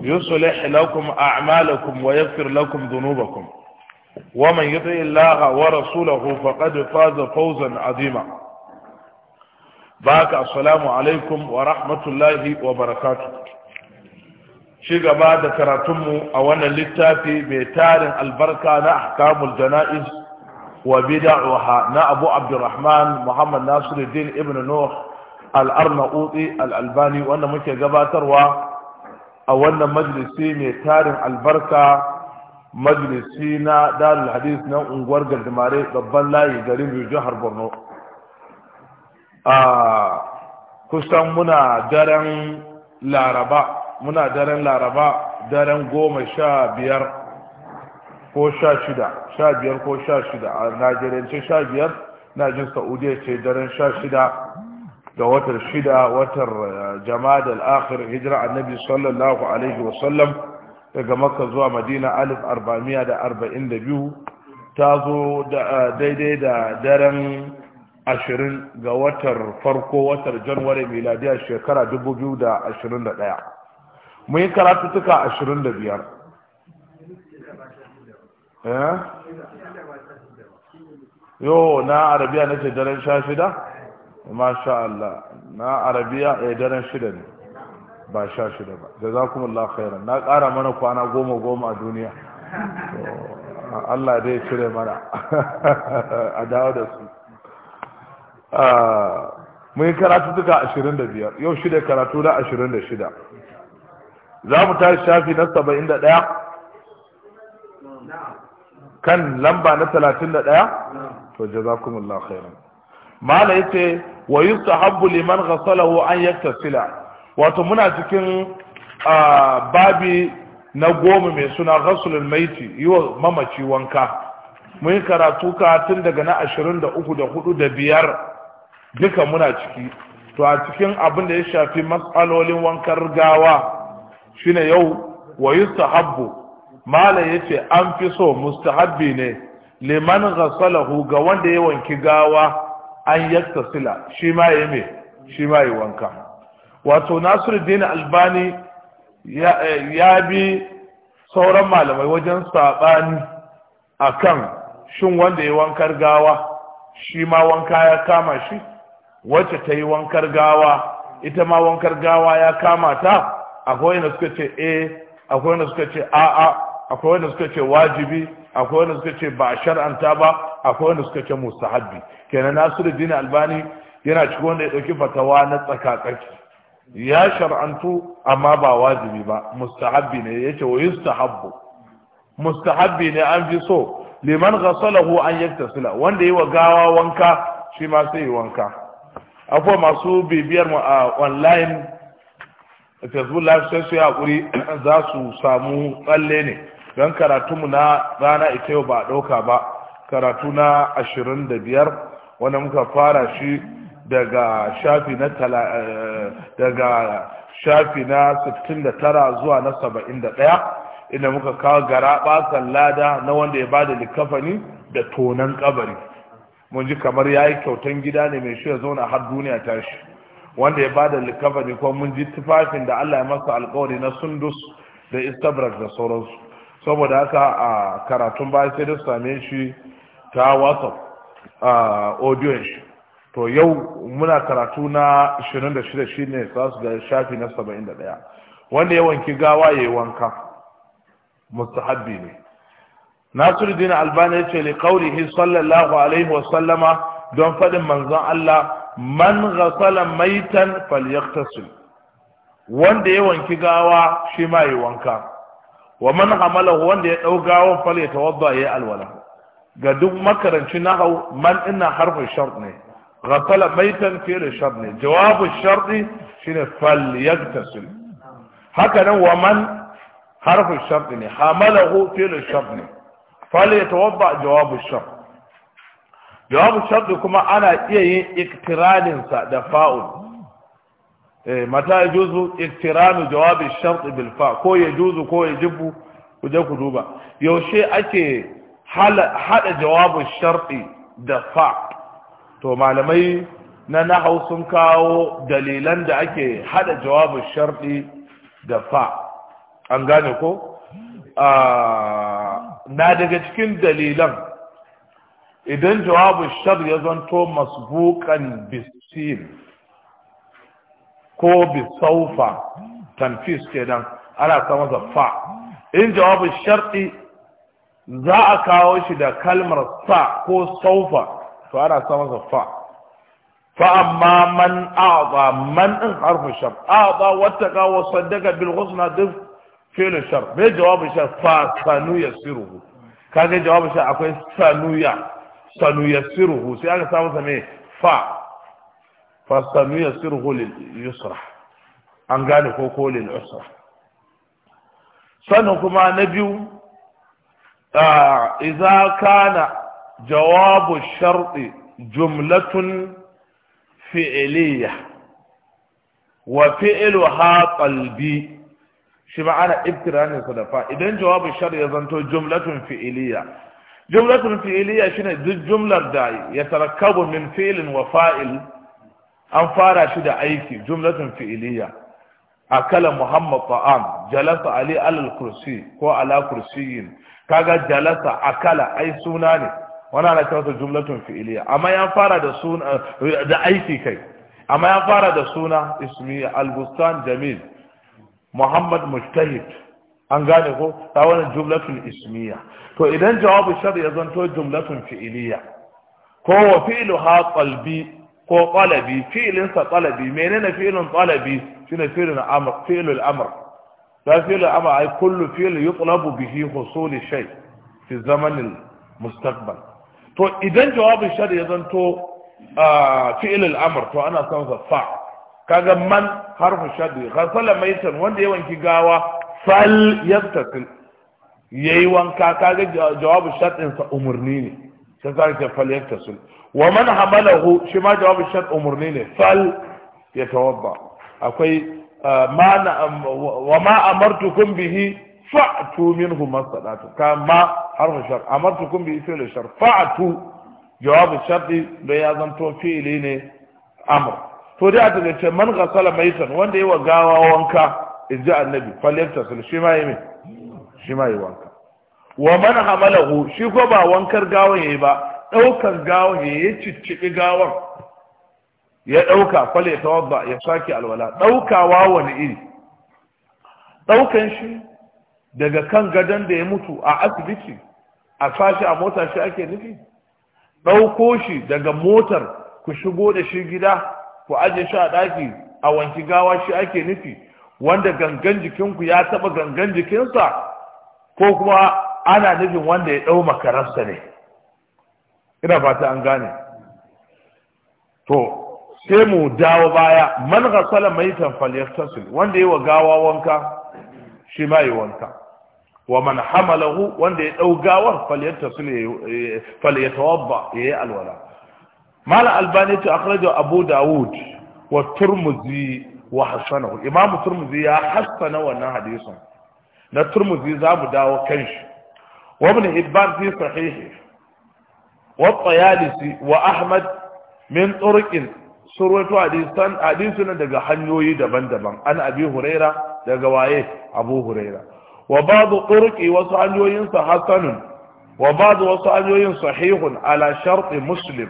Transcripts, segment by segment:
يصلح لكم أعمالكم ويغفر لكم ذنوبكم ومن يطع الله ورسوله فقد فاز فوزا عظيما باك السلام عليكم ورحمة الله وبركاته شيغا بعد كراتم أولا للتافي بيتار البركة نأحكام الجنائز وبدعوها نأبو عبد الرحمن محمد ناصر الدين ابن نوح الأرنؤوطي الألباني وأنا ممكن قباتر a wannan majalisi mai tarin albarka majalisi na dalil hadis na unguwar gardamare babban layi garin biyu jihar borno a kusan muna daren laraba muna daren laraba daren goma sha biyar ko sha shida sha biyar ko sha shida a najeriyance sha biyar na jin saudiya ce daren sha shida ga watar shida watar eh, da al'akhir hijira annabi sallallahu alaihi wasallam daga makka zuwa madina alif arba'amiya da arba'in da biyu ta zo eh, daidai da daren ashirin ga watar farko watar januwari miladiyar shekara dubu biyu da ashirin da ɗaya mun yi karatuttuka ashirin da biyar eh? yo na arabiya na ce daren sha shida masha Allah na arabiya a eh, daren shida ne ba sha shida ba da za kuma lafayar na ƙara mana kwana goma goma a duniya Allah dai cire mana a dawo da su ah, mun yi karatu duka 25 yau shida karatu da 26 za mu ta shafi na 71 kan lamba na 31 to jazakumullahu khairan mala yace wa yustahabbu liman ghasalahu an yaktasila wato muna cikin babi na goma mai suna ghasulul maiti yiwa mamaci wanka mun karatu ka tun daga na ashirin da uku da da biyar duka muna ciki to a cikin abin da ya shafi matsalolin wankar gawa shine yau wa yustahabbu mala yace an fi so mustahabbi ne liman ghasalahu ga wanda ya wanki gawa an sila shi ma yi me shi ma yi wanka wato nasiru Nasiruddin Albani ya bi sauran malamai wajen sabani kan shin wanda ya wankar gawa shi ma wanka ya kama shi wacce ta yi wankar gawa ita ma wankar gawa ya kama ta akwai suka ce eh akwai wanda suka ce a'a akwai wanda suka ce wajibi akwai wanda suka ce ba a shar'anta ba akwai wanda suka ce mustahabbi kenan nasiruddin albani yana cikin wanda ya dauki fatawa na tsakakaki ya shar'antu amma ba wajibi ba mustahabbi ne yace wa yustahabbu mustahabbi ne an fi so liman ghasalahu an yaktasila wanda yi wa gawa wanka shi ma sai yi wanka akwai masu bibiyar mu a online facebook live sai su yi hakuri za su samu tsalle ne don karatunmu na rana ita yau ba a ɗauka ba karatu na ashirin da biyar wanda muka fara shi daga shafi na eh, daga shafi na sittin da tara zuwa na saba'in da ɗaya inda muka kawo gara ɓasan lada na wanda ya bada likafani da tonan kabari mun ji kamar ya yi kyautan gida ne mai shi ya zauna har duniya tashi wanda ya bada likafani kuma mun ji tufafin da allah ya masa alkawari na sundus da istabrak da sauransu saboda haka a karatun baya sai da same shi ta whatsapp a audio shi to yau muna karatu na 26 ne za su ga shafi na 71 wanda ya wanki gawa ya yi wanka mustahabbi ne Nasiru dina albani ya ce li qaulihi sallallahu alaihi wa sallama don faɗin manzon Allah man ghasala maitan falyaghtasil wanda ya wanki gawa shi ma yi wanka wa man hamalahu wanda ya dau gawon fal ya tawadda yayi alwala ga duk makaranci nahau man ina harfin shart ne ghasala maitan fi'l shart ne jawabu sharti shine fal yaktasil haka nan wa man harfin shart ne hamalahu fi'l shart ne fal ya tawadda jawabu shart jawabu kuma ana iya yin iktiranin da fa'ul Eh, mata yajuzu iktiranu jawabi shart bil fa ko yajuzu ko yajibu ku je ku duba yaushe ake hada jawabin sharti da fa to malamai na nahau sun kawo dalilan da ake hada jawabin sharti da fa an gane ko ah, na daga cikin dalilan idan jawabin shar ya zanto masbukan bisin ko bi saufa tanfis kenan ana sa masa fa in jawabu sharti za a kawo shi da kalmar sa ko saufa to ana sa masa fa fa amma man a'za man in harfu shar a'za wattaqa wa saddaka bil husna dif fi'l shar me jawabu shar fa sanu yasiruhu kage jawabu shar akwai sanuya sanu yasiruhu sai aka sa masa me fa فاستنوا يسره لليسرة أنقاني فوقه للعسرة كما نبيو آه، إذا كان جواب الشرط جملة فعلية وفعلها قلبي شما أنا ابتراني صدفاء إذن جواب الشرط يظنته جملة فعلية جملة فعلية شنة دي جملة داي يتركب من فعل وفائل وفائل an fara shi da aiki jumlatun fi'iliya a kala muhammad ta'am jalasa ali alal kursi ko ala kursiyin kaga jalasa akala ai suna ne wannan ana kira jumlatun fi'iliya amma ya fara da suna da aiki kai amma ya fara da suna ismi albustan jamil muhammad mujtahid an gane ko ta wannan jumlatun ismiya to idan jawabu shar ya zanto jumlatun fi'iliya ko wa ha qalbi ko talabi filinsa talabi menene filin talabi shine filin amr fi'ilul amr da fi'ilul amr ai kullu fi'il yutlabu bihi husuli shay fi zamanin mustaqbal to idan jawabin shar ya zanto fi'ilul amr to ana son sa fa kaga man harfu shaddi ghasala maitan wanda ya wanki gawa fal yattasil yayi wanka kaga jawabin shar din sa umurni ne shi za ka fal wa man hamalahu shi ma jawabin shan umurni ne fal ya tawabba akwai uh, um, wa ma amartukum bihi fa'tu minhu masadatu kama harfu shar amartukum bihi fi'l shar fa'tu jawabu sharti da ya zanto fi'li ne amr to dai a tace man ghasala maitan wanda yi wa gawa wanka in annabi fal yaktasul yi wanka wa man hamalahu shi ko ba wankar gawan yayi ba daukar gawan yayi cicciɓi gawan ya dauka fale tawadda ya saki alwala daukawa wani iri daukan shi daga kan gadon da ya mutu a asibiti a sashi a mota shi ake nufi dauko shi daga motar ku shigo da shi gida ku aje shi a daki a wanki gawa shi ake nufi wanda gangan jikinku ya taba gangan jikinsa ko kuma ana nufin wanda ya ɗau makararsa ne ina fata an gane to sai mu dawo baya man mai maitan falyaghtasil wanda yi wa gawa wanka shi ma yi wanka wa man hamalahu wanda ya dau gawar falyaghtasil ya yayi alwala mala albani ta akhraja abu daud wa turmuzi wa hasanahu Imamu turmuzi ya hasana wannan hadisin na turmuzi za mu dawo kanshi وابن حبان في صحيحه والطيالسي وأحمد من طرق سروة حديثا حديثنا دقى حنيوي دبن دبن أنا أبي هريرة دقى وايه أبو هريرة وبعض طرق وصحنيوي حسن وبعض وصحنيوي صحيح على شرط مسلم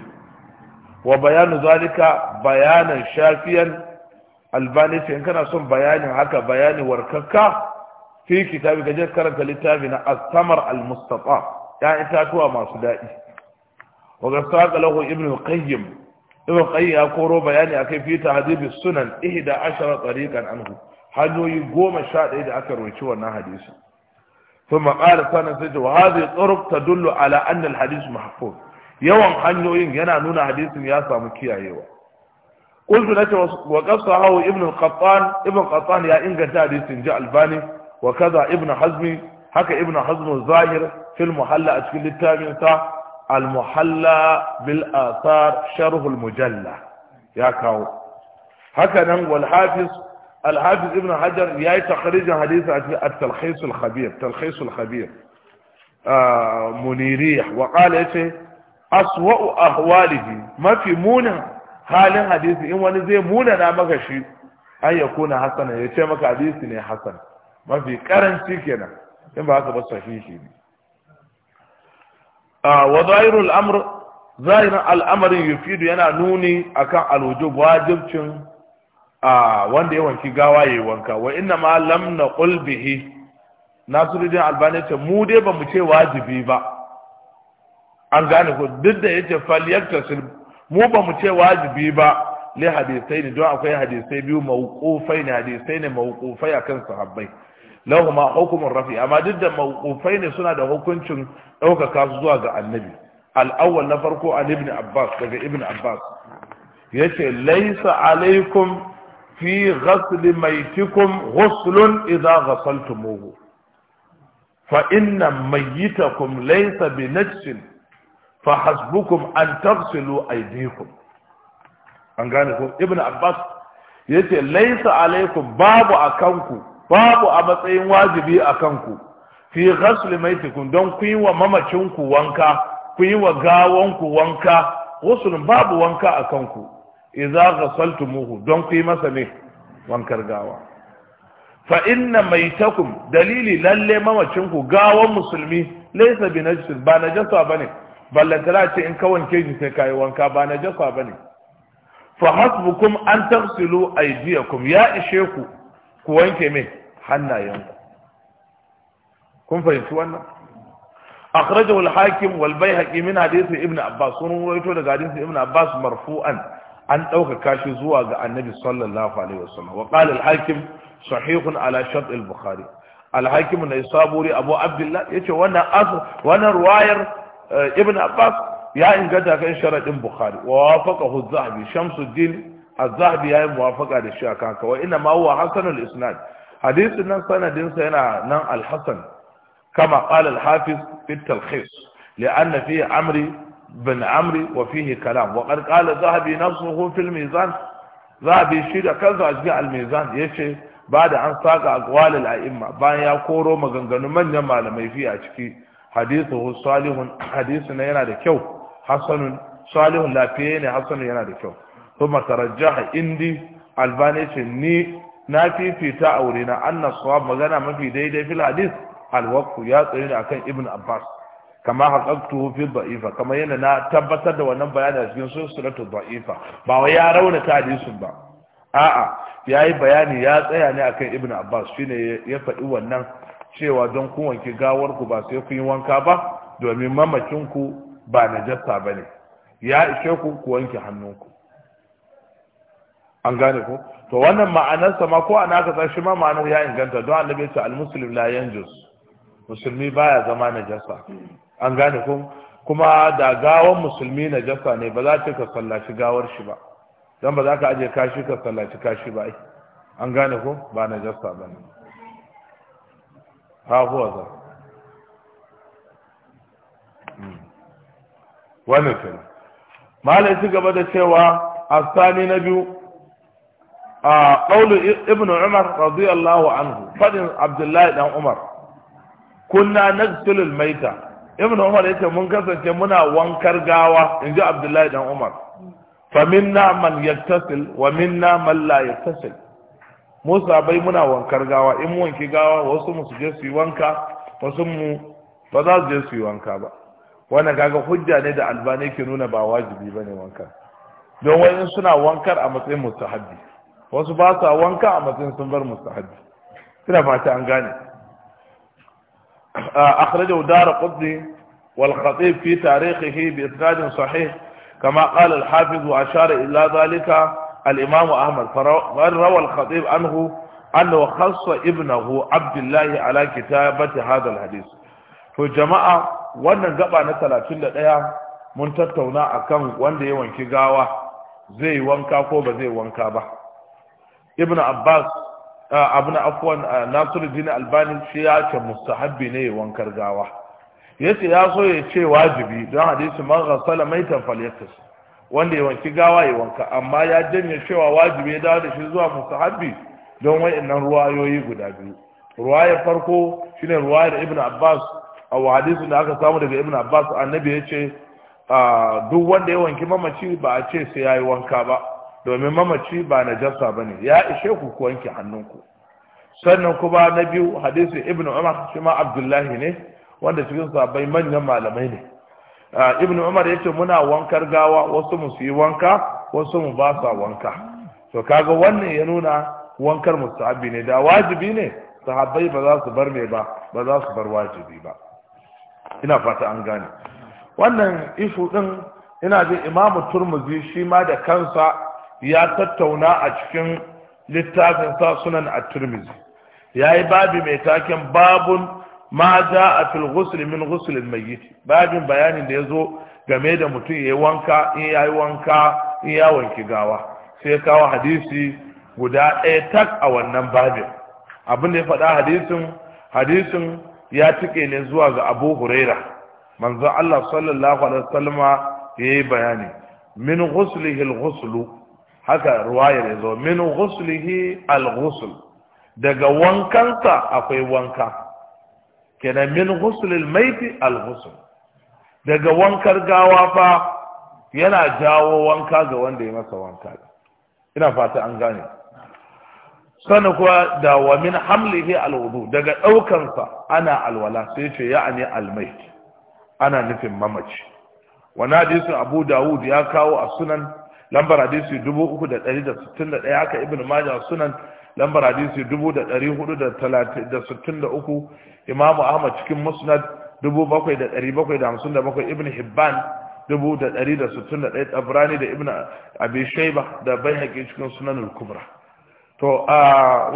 وبيان ذلك بيانا شافيا الباني في إن كان أصلا بيان هكا بيان ورككا في كتابك جاءت كرمك لتابنا الثمر المستطاع يعني تاتوا ما سدائي وقد صادق له ابن القيم ابن القيم يقول يعني أكيد في تهذيب السنن إهدى عشر طريقا عنه حجو يقوم الشاد إهدى أكر ويشوهنا حديث ثم قال سنة سيدة وهذه الطرق تدل على أن الحديث محفوظ يوم حجو ينا نون حديث ياسا مكيا يوا إيوه. قلت لك وقصه ابن القطان ابن القطان يا إنك تهذيب جاء الباني وكذا ابن حزم حكى ابن حزم الظاهر في المحلى أشكال تاع المحلى بالآثار شره المجلة يا كاو هكذا والحافظ الحافظ ابن حجر ياي تخريج حديث التلخيص الخبير تلخيص الخبير آه منيريح وقال ايش أسوأ أهواله ما في مونة حال حديث إن ونزي مونة نامك شيء أن يكون حسنا يتمك حديث حسن mafi karanci kenan in ba haka ba sahihi ne a wadairul amr zahirin al'amarin yufidu yana nuni akan alwujub wajibcin a wanda ya wanki gawa yayi wanka wa inna ma lam naqul bihi nasiruddin albani ce mu dai ba mu ce wajibi ba an gane ko duk da fal yaktasil mu ba mu ce wajibi ba li hadisai ne don akwai hadisai biyu mawqufai ne hadisai ne mawqufai akan sahabbai لهما حكم الرفيع أما جدا موقوفين سنة ده كنتم أوكا كاسدوا على النبي الأول نفرقوا عن ابن عباس كذا ابن عباس يتي ليس عليكم في غسل ميتكم غسل إذا غسلتموه فإن ميتكم ليس بنجس فحسبكم أن تغسلوا أيديكم ابن عباس يقول ليس عليكم باب أكنكم babu a matsayin wajibi a kanku fi ghasli maitikum don ku yi wa mamacinku wanka ku yi wa gawanku wanka ghuslun babu wanka a kanku idza ghasaltumuhu don ku yi masa ne wankar gawa fa inna maitakum dalili lalle mamacinku gawan musulmi laysa bi najis ba najasa bane ballantana ce in ka wanke shi sai kayi wanka ba najasa bane fa hasbukum an taghsilu aydiyakum ya ishe ku ku wanke mai حنا كن فهمتوا أنه أخرجه الحاكم والبيهكي من حديث ابن عباس ويقول لك حديث ابن عباس مرفوعا أن توقع كاشي زواج النبي صلى الله عليه وسلم وقال الحاكم صحيح على شرط البخاري الحاكم أن يصابوري أبو عبد الله يقول وانا رواير آه، ابن عباس يا إن قد أكون شرط البخاري ووافقه الزهبي شمس الدين الزهبي يا إن موافقه للشيء كان وإنما هو حسن الإسناد hadisin nan sanadinsa yana nan alhassan kama qala alhafiz fi talkhis li'anna fihi amri bin amri wa fihi kalam wa qad qala zahabi nafsuhu fil mizan zahabi shi da kansa a cikin almizan yace ba da an saka aqwal al'imma bayan ya koro maganganun manyan malamai fi a ciki hadithu hadisu na yana da kyau hasanun salihun lafiye ne hasanun yana da kyau kuma jihar indi albani ce ni na fifita a wuri na anna nasuwa magana mafi daidai fil hadis alwaqfu ya tsaye da akan ibn abbas kama haƙaƙtu fi da'ifa kama yana na tabbatar da wannan bayani a cikin sulsulatu da'ifa ba wai ya rauna ta hadisin ba a'a yayi bayani ya tsaya ne akan ibn abbas shine ya faɗi wannan cewa don ku wanke gawar ku ba sai ku yi wanka ba domin mamakin ku ba najasa bane ya ishe ku ku wanke hannunku an gane ko to wannan ma'anarsa ma ko ana ka shi ma ma'anar ya inganta don annabi ce almuslim la yanjus musulmi baya zama na jasa an gane ko kuma da gawan musulmi na jasa ne ba za ka sallaci gawar shi ba don ba za ka aje kashi ka sallaci kashi ba an gane ko ba na jasa ba ne ha huwa za hmm. wannan kenan malai gaba da cewa asani na biyu قول ابن عمر رضي الله عنه فضل عبد kunna بن عمر كنا نغسل الميتة ابن عمر يتي من كسنت منا وانكر غاوة إن جاء عبد الله بن عمر فمنا من يغتسل ومنا من لا يغتسل Musa bai muna wankar gawa in wanki gawa wasu mu su je su wanka wasu mu ba za su je su wanka ba wannan kaga hujja ne da albani nuna ba wajibi bane wanka don wani suna wankar a matsayin mustahabbi wasu ba sa wanka a matsayin sun bar mustahabi suna fata an gane a kharaja akhrajahu darqutni wal khatib fi tarikhihi bi isnad sahih kama qala al hafiz wa ashara ila zalika al imam ahmad إلى ذلك al khatib anhu anna wa khassa ibnahu abdullah ala kitabati hadha al hadith to jama'a wannan gaba na 31 mun tattauna akan wanda ya wanki gawa zai wanka ko ba zai wanka ba ibn abbas na uh, afwan uh, nasiruddin albani shi ya ce mustahabbi ne wankar gawa yace ya so ya ce wajibi don hadisi man ghassala maitan falyaghtas wanda ya wanki gawa ya wanka amma ya janye cewa wajibi ya dawo da shi zuwa mustahabbi don wa'annan ruwayoyi guda biyu ruwayar farko shine ruwayar ibn abbas a hadisin da aka samu daga ibn abbas annabi ya ce uh, duk wanda ya wanki mamaci ba a ce sai ya yi wanka ba domin mamaci ba na jasa ba ne ya ishe ku ku wanke hannunku sannan kuma na biyu hadisi ibn umar shi ma abdullahi ne wanda cikin sabai manyan malamai ne ibn umar ya ce muna wankar gawa wasu mu su yi wanka wasu mu ba sa wanka to kaga wannan ya nuna wankar mustahabi ne da wajibi ne sahabbai ba za su bar me ba ba za su bar wajibi ba ina fata an gane wannan ishu din ina jin imamu turmuzi shi ma da kansa ya tattauna a cikin littafin sa sunan at-tirmidhi yayi babi mai taken babun ma a fil ghusl min ghusl al-mayyit babin bayanin da yazo game da mutum yayi wanka in yayi wanka in ya wanki gawa sai kawo hadisi guda ɗaya tak a wannan babin abin da ya faɗa hadisin hadisin ya tike ne zuwa ga abu huraira manzo Allah sallallahu alaihi wasallama yayi bayani min ghuslihi al-ghuslu haka ruwayar ya zo min ghuslihi al-ghusl daga wankansa akwai wanka kenan min ghuslil maiti al daga wankar gawa fa yana jawo wanka ga wanda ya masa wanka ina fata an gane sannan kuwa da wa min hamlihi alwudu daga sa ana alwala sai ce ya'ani almait ana nufin mamaci wani hadisin abu dawud ya kawo a sunan lambar hadisi 3161 haka ibn majah sunan lambar hadisi 4463 imam ahmad cikin musnad 7757 ibn hibban 1161 tabrani da ibn abi shayba da baihaqi cikin sunanul kubra to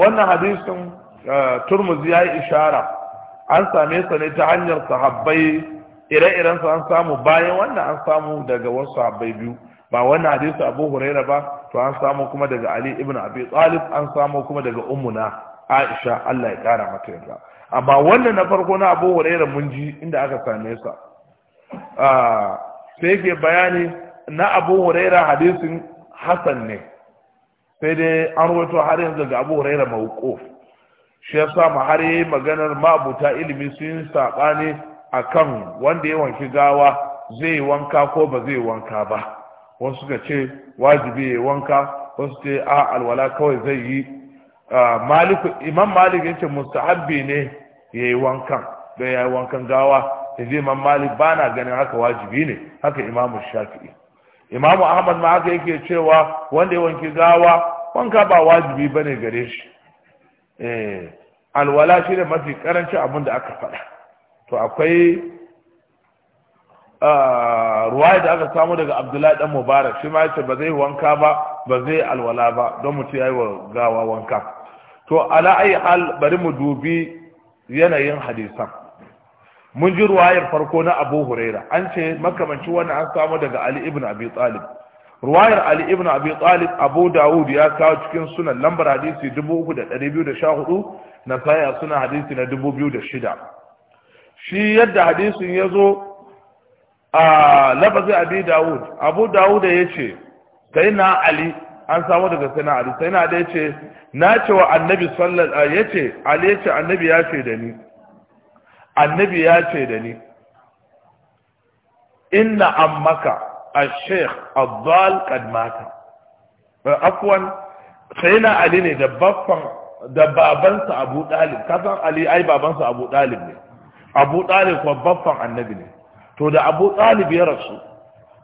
wannan hadisin turmuzi yayi ishara an same sa ne ta hanyar sahabbai ire-iren su an samu bayan wannan an samu daga wasu sahabbai biyu ba wannan hadisi abu huraira ba to an samu kuma daga ali ibn abi talib an samu kuma daga ummuna aisha Allah ya kara mata yarda amma wannan na farko na abu huraira mun ji inda aka same sa ah, sai ke bayani na abu huraira hadisin hasan ne sai dai an rawaito har yanzu ga abu huraira mawquf shi ya sa har yayi maganar mabuta ilimi sun sabani akan wanda ya wanki gawa zai wanka ko ba zai wanka ba wasu suka ce wajibi ya wanka wasu ce a alwala kawai zai yi ah, imam malik yace mustahabbi ne ya yi wankan don yi wankan gawa zai imam malik ba na ganin haka wajibi ne haka imam shafi'i imam ahmad ma haka yake cewa wanda ya wanki gawa wanka ba wajibi ba ne gare shi eh, alwala shi ne mafi karancin abin da aka faɗa to akwai ruwaya da aka samu daga abdullahi dan mubarak shi ma yace ba zai wanka ba ba zai alwala ba don mutum yayi wa gawa wanka to ala ayi hal bari mu dubi yanayin hadisan mun ji ruwayar farko na abu huraira an ce makamanci wannan an samu daga ali ibn abi talib ruwayar ali ibn abi talib abu dawud ya kawo cikin sunan lambar hadisi 3214 na saya sunan hadisi na 2006 shi yadda hadisin ya zo a lafazi abi dawud abu dawud ya ce sai na ali an samu daga sai na ali sai na ali ya ce na ce wa annabi sallallahu ya ce ali ya ce annabi ya ce da ni annabi ya ce da ni inna ammaka ash-shaykh ad-dal mata afwan sai na ali ne da baffan da babansa abu dalib kasan ali ai babansa abu dalib ne abu dalib kuma baffan annabi ne to da abu talib ya rasu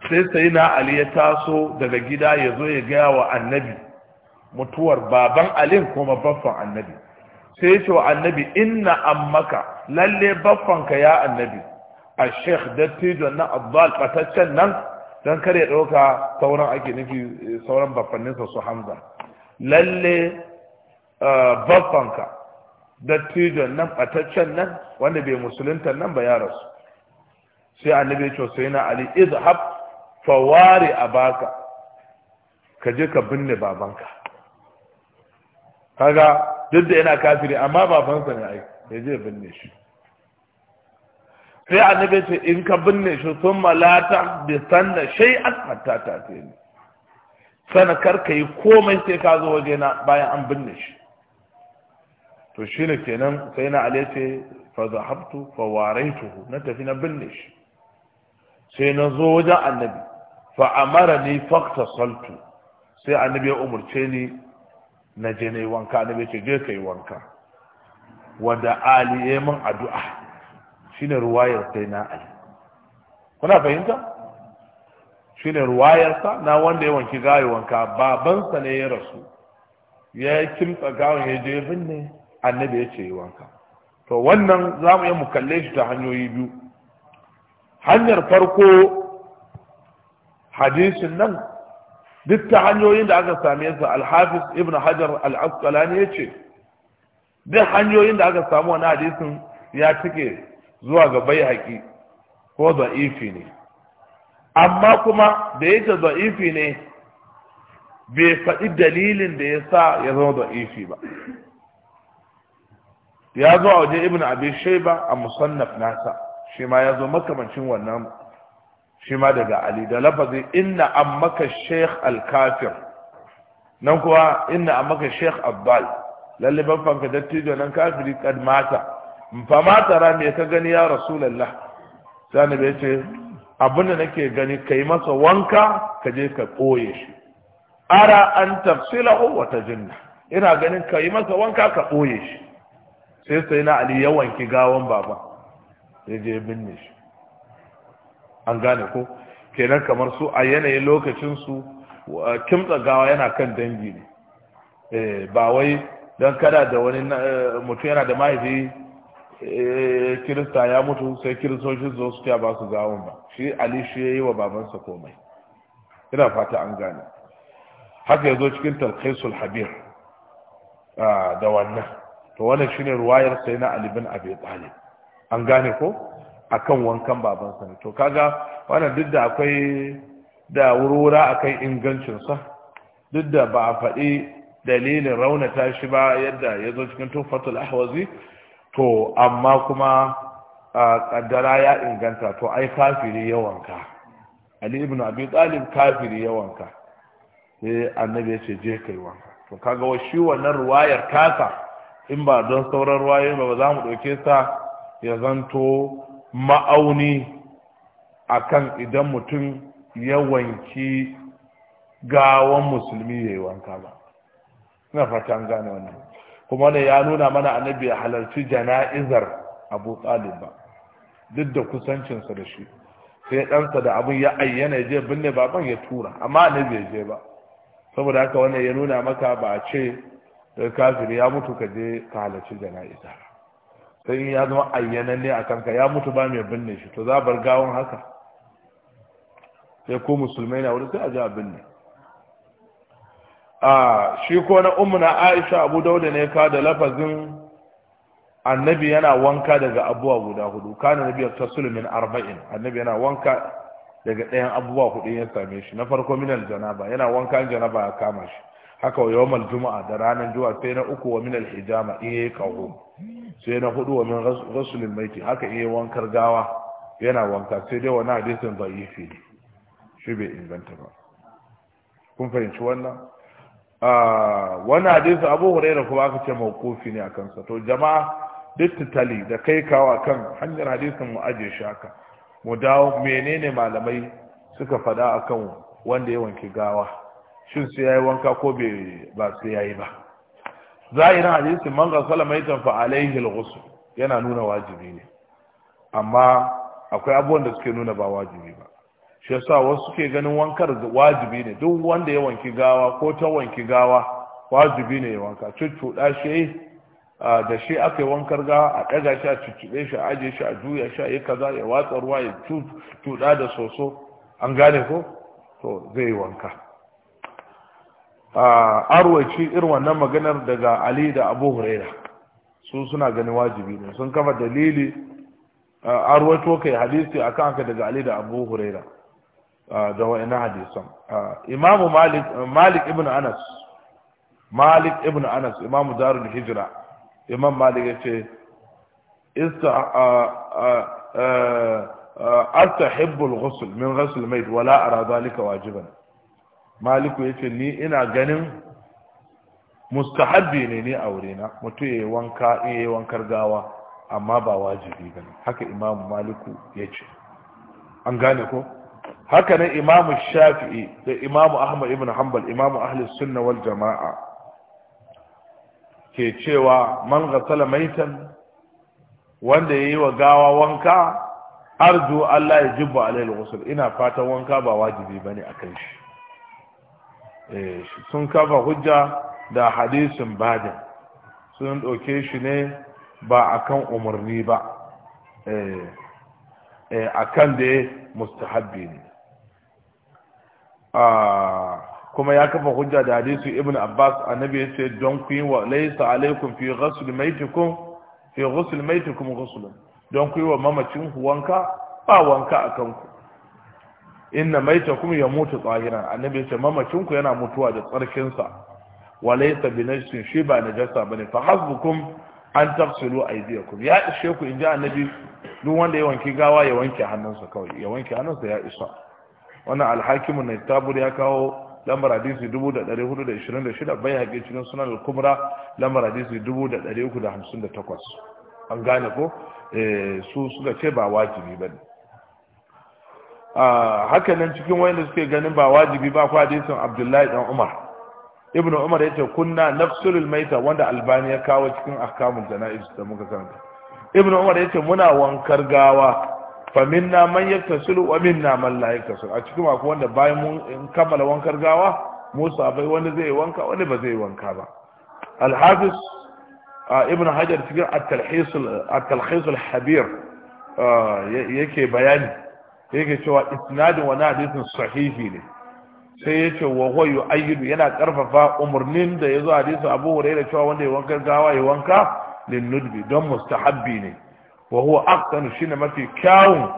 sai sai na ali ya taso daga gida ya zo ya gaya wa annabi mutuwar baban alin kuma baffan annabi sai ce wa annabi inna ammaka lalle baffanka ya annabi a sheikh dattijo na abbal fataccen nan don kare ɗauka sauran ake nufi sauran baffanninsa su hamza lalle eh, baffanka dattijo nan fataccen nan wanda bai musulunta nan ba ya rasu sai annabi ya ce sai na ali izhab fawari abaka ka je ka binne babanka kaga duk da yana kafiri amma babansa ne ai ya je binne shi sai annabi ce in ka binne shi sun malata bi sanna an hatta ta ni sana kar ka yi komai sai ka zo waje na bayan an binne shi to shine kenan sai na ali ce fa zahabtu fa waraytuhu na tafi na binne shi sai na zo wajen annabi fa amara ni fakta saltu sai annabi ya umarce ni na je na yi wanka annabi ce je ka yi wanka wanda ali ya yi min addu'a shine ruwayar sai na ali kuna fahimta shine ruwayarsa na wanda ya wanki gayi wanka babansa ne ya rasu ya kimtsa gawon ya je binne annabi ya ce yi wanka to wannan za mu iya mu kalle shi ta hanyoyi biyu hanyar farko hadisin nan duk ta hanyoyin da aka same su alhafiz ibn hajar al-asqalani ya ce duk hanyoyin da aka samu wani hadisin ya cike zuwa ga bai ko za'ifi ne amma kuma da yake za'ifi ne bai faɗi dalilin da ya sa ya zama za'ifi ba ya zo a waje ibn abi shaiba a musannaf nasa shi ma ya zo makamancin wannan shi ma daga ali da lafazi inna ammaka sheikh al-kafir nan kuwa inna ammaka sheikh abbal lalle ban fanka dattijo nan kafiri kad mata fa mata ra me ka gani ya rasulullah sani bai ce abin da nake gani kai masa wanka ka je ka koye shi ara an tafsilahu wa tajinna ina ganin kai masa wanka ka koye shi sai sai na ali yawan ki gawan baba ya je binne shi an gane ko kenan kamar su a yanayin lokacinsu kimtsa gawa yana kan dangi ne eh, ba wai don kada da wani eh, mutum yana da mahaifi eh, kirista ya mutu sai kiristoci zo su ba su gawon ba shi ali shi ya yi wa babansa komai ina fata an gane haka ya zo cikin talkhaisul habir ah, da wannan to wannan shine ruwayar sai na alibin bin abi talib an gane ko a kan wankan babansa ne to kaga wannan duk da akwai da wurwura a kan ingancinsa duk da ba a faɗi dalilin raunata shi ba yadda ya zo cikin tufatul ahwazi to amma kuma ƙaddara ya inganta to ai kafiri yawanka ali ibn abi talib kafiri yawanka sai annabi ya ce je kai wanka to kaga wa shi wannan ruwayar kasa in ba don sauran ruwayoyin ba ba za mu ɗauke sa ya zanto ma'auni a kan idan mutum ya wanki gawan musulmi ya yi wanka ba na fatan gane wannan kuma ne ya nuna mana annabi ya halarci jana'izar abu talib ba duk da kusancinsa da shi sai ɗansa da abin ya ayyana zai je binne baban ya tura amma nabi ya je ba saboda haka wannan ya nuna maka ba a ce da kafiri ya mutu ka je ka halarci jana'izar. sai ya zama ayyananne a kanka ya mutu ba mai binne shi to za bar gawon haka sai ko musulmai na wuri sai a ji a binne a shi ko na ummu na aisha abu dauda ne ka da lafazin annabi yana wanka daga abubuwa guda hudu kana nabi ta sulmin arba'in annabi yana wanka daga ɗayan abubuwa hudu ya same shi na farko minal janaba yana wanka janaba ya kama shi haka yawmal juma'a da ranar juma'a sai na uku wa minal hijama in yi kaho sai na hudu wa min rasulin maiti haka iya wankar gawa yana wanka sai dai wani hadisin yi fi shi bai inganta ba kun fahimci wannan ah, wani hadisin abu huraira kuma aka ce mawkufi ne a kansa to jama'a duk dittitali da kai kawo kan hanyar hadisin mu aje shi haka mu dawo menene malamai suka fada akan wanda ya wanke gawa shin sai ya yi wanka ko ba sai ya yi ba zahirin hadisin man ghasala maitan fa alaihi alghusl yana nuna wajibi ne amma akwai abubuwan da suke nuna ba wajibi ba shi yasa wasu suke ganin wankar wajibi ne duk wanda ya wanki gawa ko ta wanki gawa wajibi ne ya wanka cuccuɗa shi da shi aka yi wankar gawa a ɗaga shi a cuccuɗe shi a aje shi a juya shi a yi kaza ya watsa ruwa ya cuɗa da soso an gane ko to zai yi wanka arwaci irin wannan maganar daga ali da abu huraira su suna ganin wajibi ne sun kafa dalili arwato kai hadisi akan haka daga ali da abu huraira da wa'ina hadisan imamu malik malik ibn anas malik ibn anas imamu darul hijira imam malik ya ce astahibbul ghusl min ghusl maid wala ara dhalika wajiban maliku ya ce ni ina ganin mustahabbi ne ni a wurina mutu ya wanka iya wankar gawa amma ba wajibi ba ne haka imamu maliku ya ce an gane ko haka nan imamu shafi'i da imamu ahmad ibn hanbal imamu ahli sunna wal jama'a ke cewa man ghasala maitan wanda yayi wa gawa wanka arju Allah ya jibba alaihi ghusl ina fatan wanka ba wajibi bane akan shi Eh, sun kafa hujja da hadisin bajin sun ɗauke shi ne ba a kan umarni ba eh, eh, a kan da mustahabbi ne ah, kuma ya kafa hujja da hadisu ibn abbas annabi ya ce don ku yi wa laisa alaikum fi ghusl maitikum fi ghusl ghusl don ku yi wa mamacin wanka ba wanka akan ku inna maita kuma ya mutu tsahiran annabi ya ce ku yana mutuwa da tsarkinsa sa bi najsin shi ba najasa bane fa hasbukum an tafsilu aydiyakum ya ishe ku inji annabi duk wanda ya wanki gawa ya wanke hannunsa kawai ya wanke hannunsa ya isa wannan alhakimun na tabur ya kawo lambar hadisi 1426 bai haƙe cikin sunan al-kubra lamar hadisi 1358 an gane ko eh, su suka ce ba wajibi bane haka nan cikin wayanda suke ganin ba wajibi ba ko hadisin Abdullahi dan Umar Ibn Umar yace kunna nafsulul maita wanda Albani ya kawo cikin ahkamul janaiz da muka karanta Ibn Umar yace muna wankar gawa fa minna man yaktasilu wa minna man la yaktasilu a cikin akwai wanda bayan mun kammala wankar gawa Musa bai wanda zai wanka wani ba zai wanka ba Al-Hafiz Ibn Hajar cikin At-Talhis At-Talhis Al-Habir yake bayani yake cewa isnadin wani hadisin sahihi ne sai ya ce wa wayu ayyidu yana karfafa umarnin da yazo zo hadisin abu da cewa wanda ya wanka gawa ya wanka lin don mustahabbi ne wa huwa shine mafi kyawun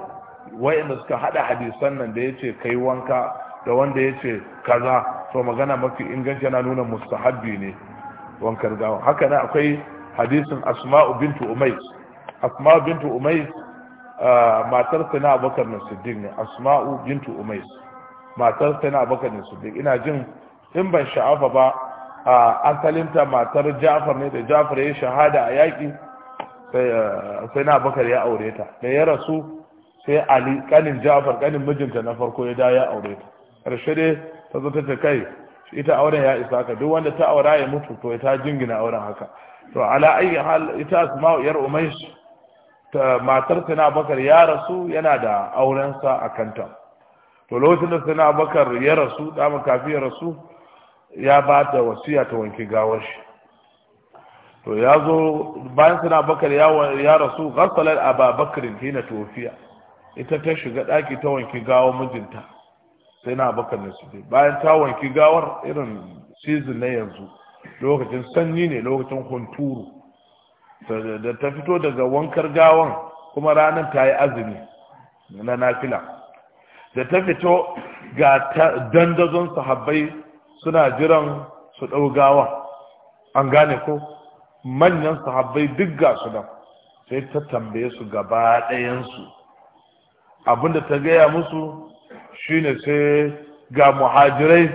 wayanda suka hada hadisan nan da yace kai wanka da wanda yace kaza to magana mafi inganci yana nuna mustahabbi ne wankar gawa haka nan akwai hadisin asma'u bintu umais asma'u bintu umais matar na abakar na su ne asma'u bintu umais matar na abakar na siddiq ina jin in ban sha'afa ba a asalinta matar jafar ne da jafar ya shahada a yaƙi sai na abokan ya aure ta da ya rasu sai ali kanin jafar kanin mijinta na farko ya da ya aure ta ƙarshe dai ta zo ta kai ita auren ya isa ka duk wanda ta aura ya mutu to ta jingina auren haka to ala ayi hal ita asma'u yar umais matar sana bakar ya rasu yana da aurensa a kanta to lokacin da sana bakar ya rasu dama kafin ya rasu ya ba da wasiya ta wanki gawar shi to ya zo bayan sana bakar ya rasu ghasalar ababakarin hina tofiya ita ta shiga daki ta wanki gawar mijinta sai na bakar na su bayan ta wanki gawar irin season na yanzu lokacin sanyi ne lokacin hunturu da ta fito daga wankar gawan kuma ranar ta yi azumi na nafila da ta fito ga dandazon sahabbai suna jiran su ɗau gawa an gane ko manyan sahabbai duk ga su nan sai ta tambaye su gaba ɗayansu abinda ta gaya musu shine sai ga muhajirai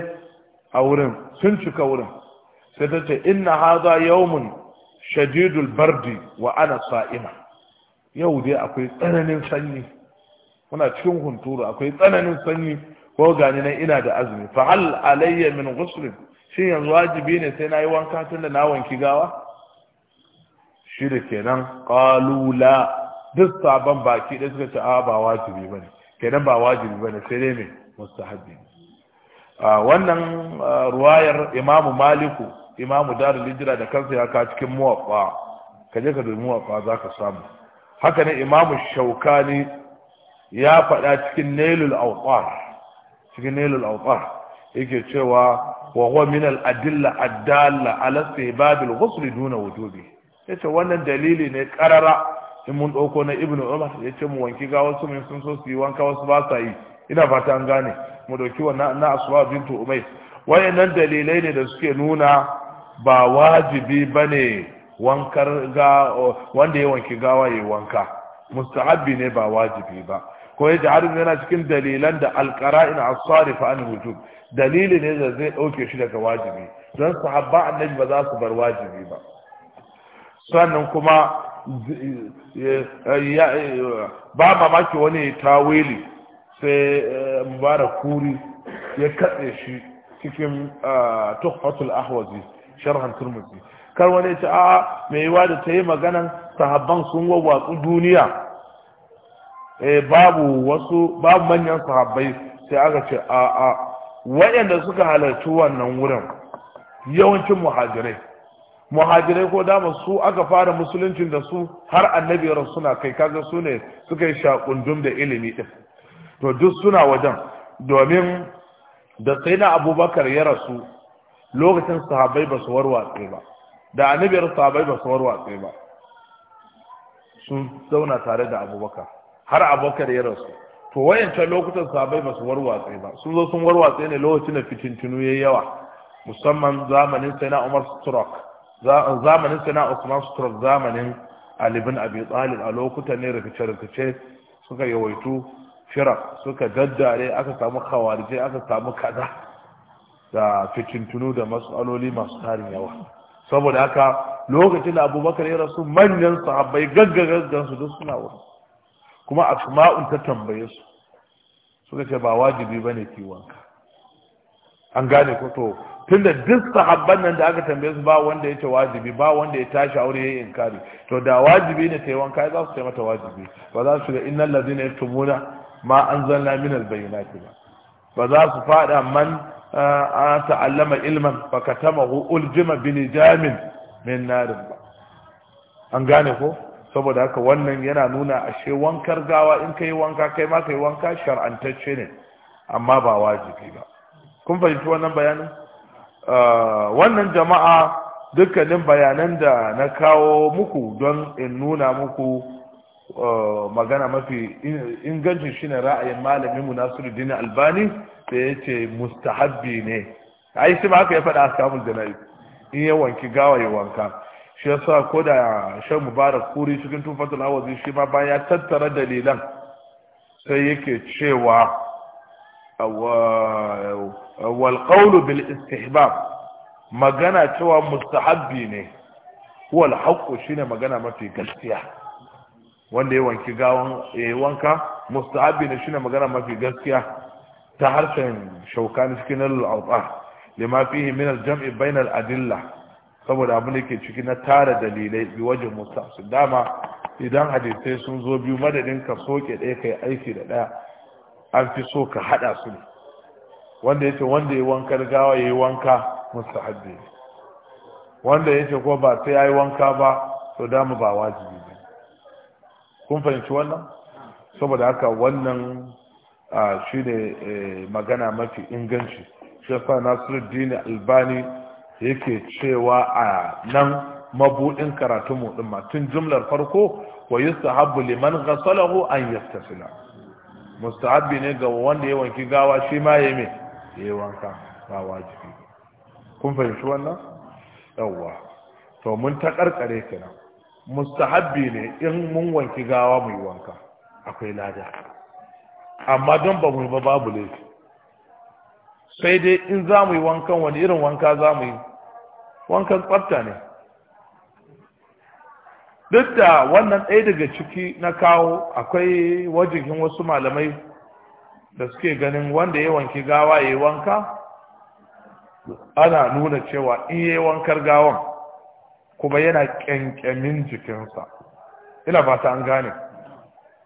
a wurin sun cika wurin sai ta ce inna haza yawmun shadidul bardi wa ana sa'ima yau dai akwai tsananin sanyi muna cikin hunturu akwai tsananin sanyi ko gani nan ina da azumi fa hal alayya min ghusl shin yanzu wajibi ne sai nayi wanka tun da na wanki gawa shi da kenan la duk sabon baki da suka ce a ba wajibi bane kenan ba wajibi bane sai dai ne mustahabbi wannan ruwayar imamu maliku imamu darul hijira da kansa ya ka cikin muwaffa ka je ka dubi muwaffa za ka samu haka ne imamu shaukani ya faɗa cikin nailul awqar cikin nailul awqar yake cewa wa huwa min al adilla adalla ala istihbab al ghusl duna wujubi yace wannan dalili ne karara in mun dauko na ibnu umar yace mu wanki ga wasu mun sun so su wanka wasu ba sa yi ina fata an gane mu dauki wannan na aswa bintu umay wayannan dalilai ne da suke nuna ba wajibi bane wankar ga wanda ya wanki gawa ya wanka mustahabbi ne ba wajibi ba ko ya ji harin yana cikin dalilan da alƙara'in fa an wujub dalili ne da zai ɗauke shi daga wajibi don sahabba annabi ba za su bar wajibi ba sannan kuma ba mamaki wani tawili sai eh, mubarak kuri ya katse shi cikin ah, tuhfatul ahwazi sharhan turmuzi kar wani ce a mai yiwa da ta yi maganan sahabban sun wawwatsu duniya eh, babu wasu babu manyan sahabbai sai aka ce a a waɗanda suka halarci wannan wurin yawancin muhajirai muhajirai ko dama su aka fara musuluncin da su har annabi suna kai kaga su ne suka yi shakundum da ilimi din to duk suna wajen domin da sai na abubakar ya rasu lokacin sahabbai ba su warwatse ba da annabiyar sahabbai ba su warwatse ba sun zauna tare da abubakar har abubakar ya rasu to wayancan lokutan sahabbai ba su warwatse ba sun zo sun warwatse ne lokacin da fitintinu yayi yawa musamman zamanin sai na umar strok zamanin sai na usman strok zamanin ali bin abi talib a lokutan ne rikice-rikice suka yawaitu firak suka daddare aka samu khawarije aka samu kaza da fitintunu da matsaloli masu tarin yawa saboda haka lokacin da abubakar ya rasu manyan sahabbai gaggagaggan su duk suna wurin kuma asma'un ta tambaye su suka ce ba wajibi ba ne kiwonka an gane ko to tun da duk sahabban nan da aka tambaye su ba wanda ya ce wajibi ba wanda ya tashi aure ya yi inkari to da wajibi ne ta yi wanka za su ce mata wajibi ba za su ga innal ya yaktumuna ma anzalna min albayyinati ba ba za su faɗa man ta'allama ilman ba fa huul jima bini jamin min narin an gane ko saboda haka wannan yana nuna ashe wankar gawa in kai wanka kai ma kai wanka shar'antacce ne amma ba wajibi ba kun fahimci wannan bayanin wannan jama'a dukkanin bayanan da na kawo muku don in nuna muku Eh, magana mafi ingancin shi ne ra'ayin malamin mu Nasiruddin Albani da ce mustahabbi ne ai sai haka ya faɗa samun janayi in ya wanki gawa ya wanka shi yasa ko da shan mubarak kuri cikin tufatul awazi shi ma bayan ya tattara dalilan sai yake cewa wal qawlu bil istihbab magana cewa mustahabbi ne wal haqqu shine magana mafi gaskiya wanda ya wanki gawan wanka musta'abi ne shine magana mafi gaskiya ta harshen shaukani cikin al da ma fihi min al-jam'i bayna al-adilla saboda abin da ke ciki na tara dalilai bi wajen musta'ab dama idan hadisai sun zo biyu madadin ka soke ɗaya kai aiki da ɗaya an fi so ka haɗa su ne wanda yace wanda ya wanka gawa yayi wanka mustahabbi wanda yace ko ba sai yayi wanka ba to dama ba wajibi kun fahimci wannan saboda haka wannan shi ne e, magana mafi inganci shi yasa nasiruddin albani yake cewa a nan mabudin karatun mu din ma tun jumlar farko wa yustahabbu liman ghasalahu an yastasila mustahabbi ne ga wanda ya wanki gawa shi ma yayi me yayi wanka ba wajibi kun fahimci wannan yawwa to mun ta karkare kenan mustahabbi ne in mun wanki gawa mu yi wanka akwai lada amma don ba mu yi ba babu laifi sai dai in za mu yi wankan wani irin wanka za mu yi wankan tsafta ne duk da wannan ɗaya daga ciki na kawo akwai wajikin wasu malamai da suke ganin wanda ya wanki gawa ya yi wanka ana nuna cewa in yi wankar gawan kuma yana kyankyamin jikinsa ina ba ta an gane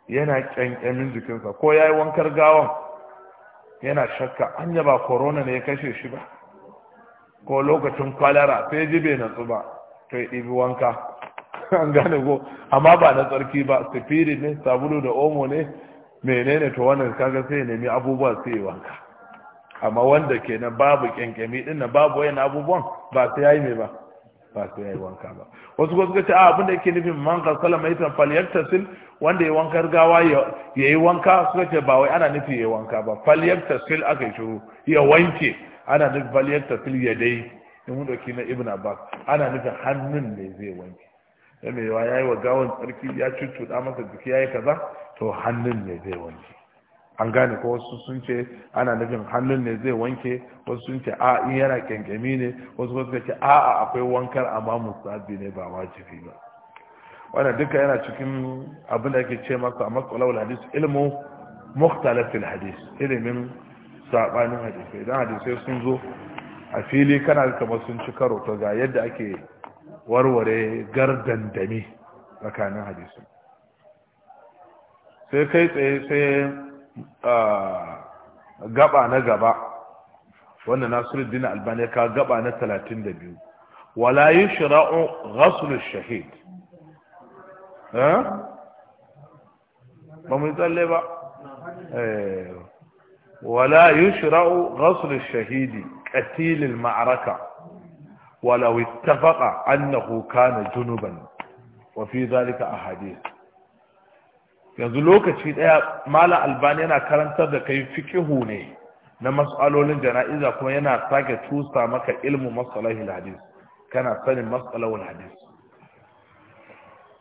yana kyankyamin jikinsa ko ya yi wankar gawan yana shakka an ba korona ne ya kashe shi ba ko lokacin kwalara sai ji bai na ba ta yi ɗibi wanka an gane ko amma ba na tsarki ba sifiri ne sabulu da omo ne menene to wannan kaga sai ya nemi abubuwa sai ya wanka amma wanda kenan babu kyankyami din na babu wayan abubuwan ba sai yayi mai ba ba su yayi wanka ba wasu ko suka ce a ah, abin da yake nufin man ghasala maitan falyaktasil wanda ya wankar gawa ya yi wanka suka ce ba wai ana nufi ya wanka ba falyaktasil aka shuru ya wanke ana nufin falyaktasil ya dai in mun dauki na ibn abbas ana nufin hannun ne zai wanke dan mai yayi wa gawan tsarki ya da masa jiki yayi kaza to hannun ne zai wanke an gane ko wasu sun ce ana nufin hannun ne zai wanke wasu sun ce a in yana kyankyami ne wasu wasu ce a akwai wankar amma musabi ne ba wajibi ba wannan duka yana cikin abin da ake ce masa matsalar hadisi ilmu muktalafin hadisi ilimin saɓanin hadisai idan hadisai sun zo a fili kana kamar sun ci karo to ga yadda ake warware gardandami tsakanin hadisai sai kai tsaye sai gaba na gaba wannan nasiruddin albani ka gaba na 32 wala yushra'u ghasl ash-shahid eh ba mu tsalle ba eh wala yushra'u ghasl ash-shahidi qatil al-ma'raka wala ولو annahu kana junuban wa fi dhalika ahadith yanzu lokaci daya malam albani yana karantar da kai fikihu ne na mas'alolin jana'iza kuma yana sake tusa maka ilmu masalahil hadis kana sanin masalahul hadis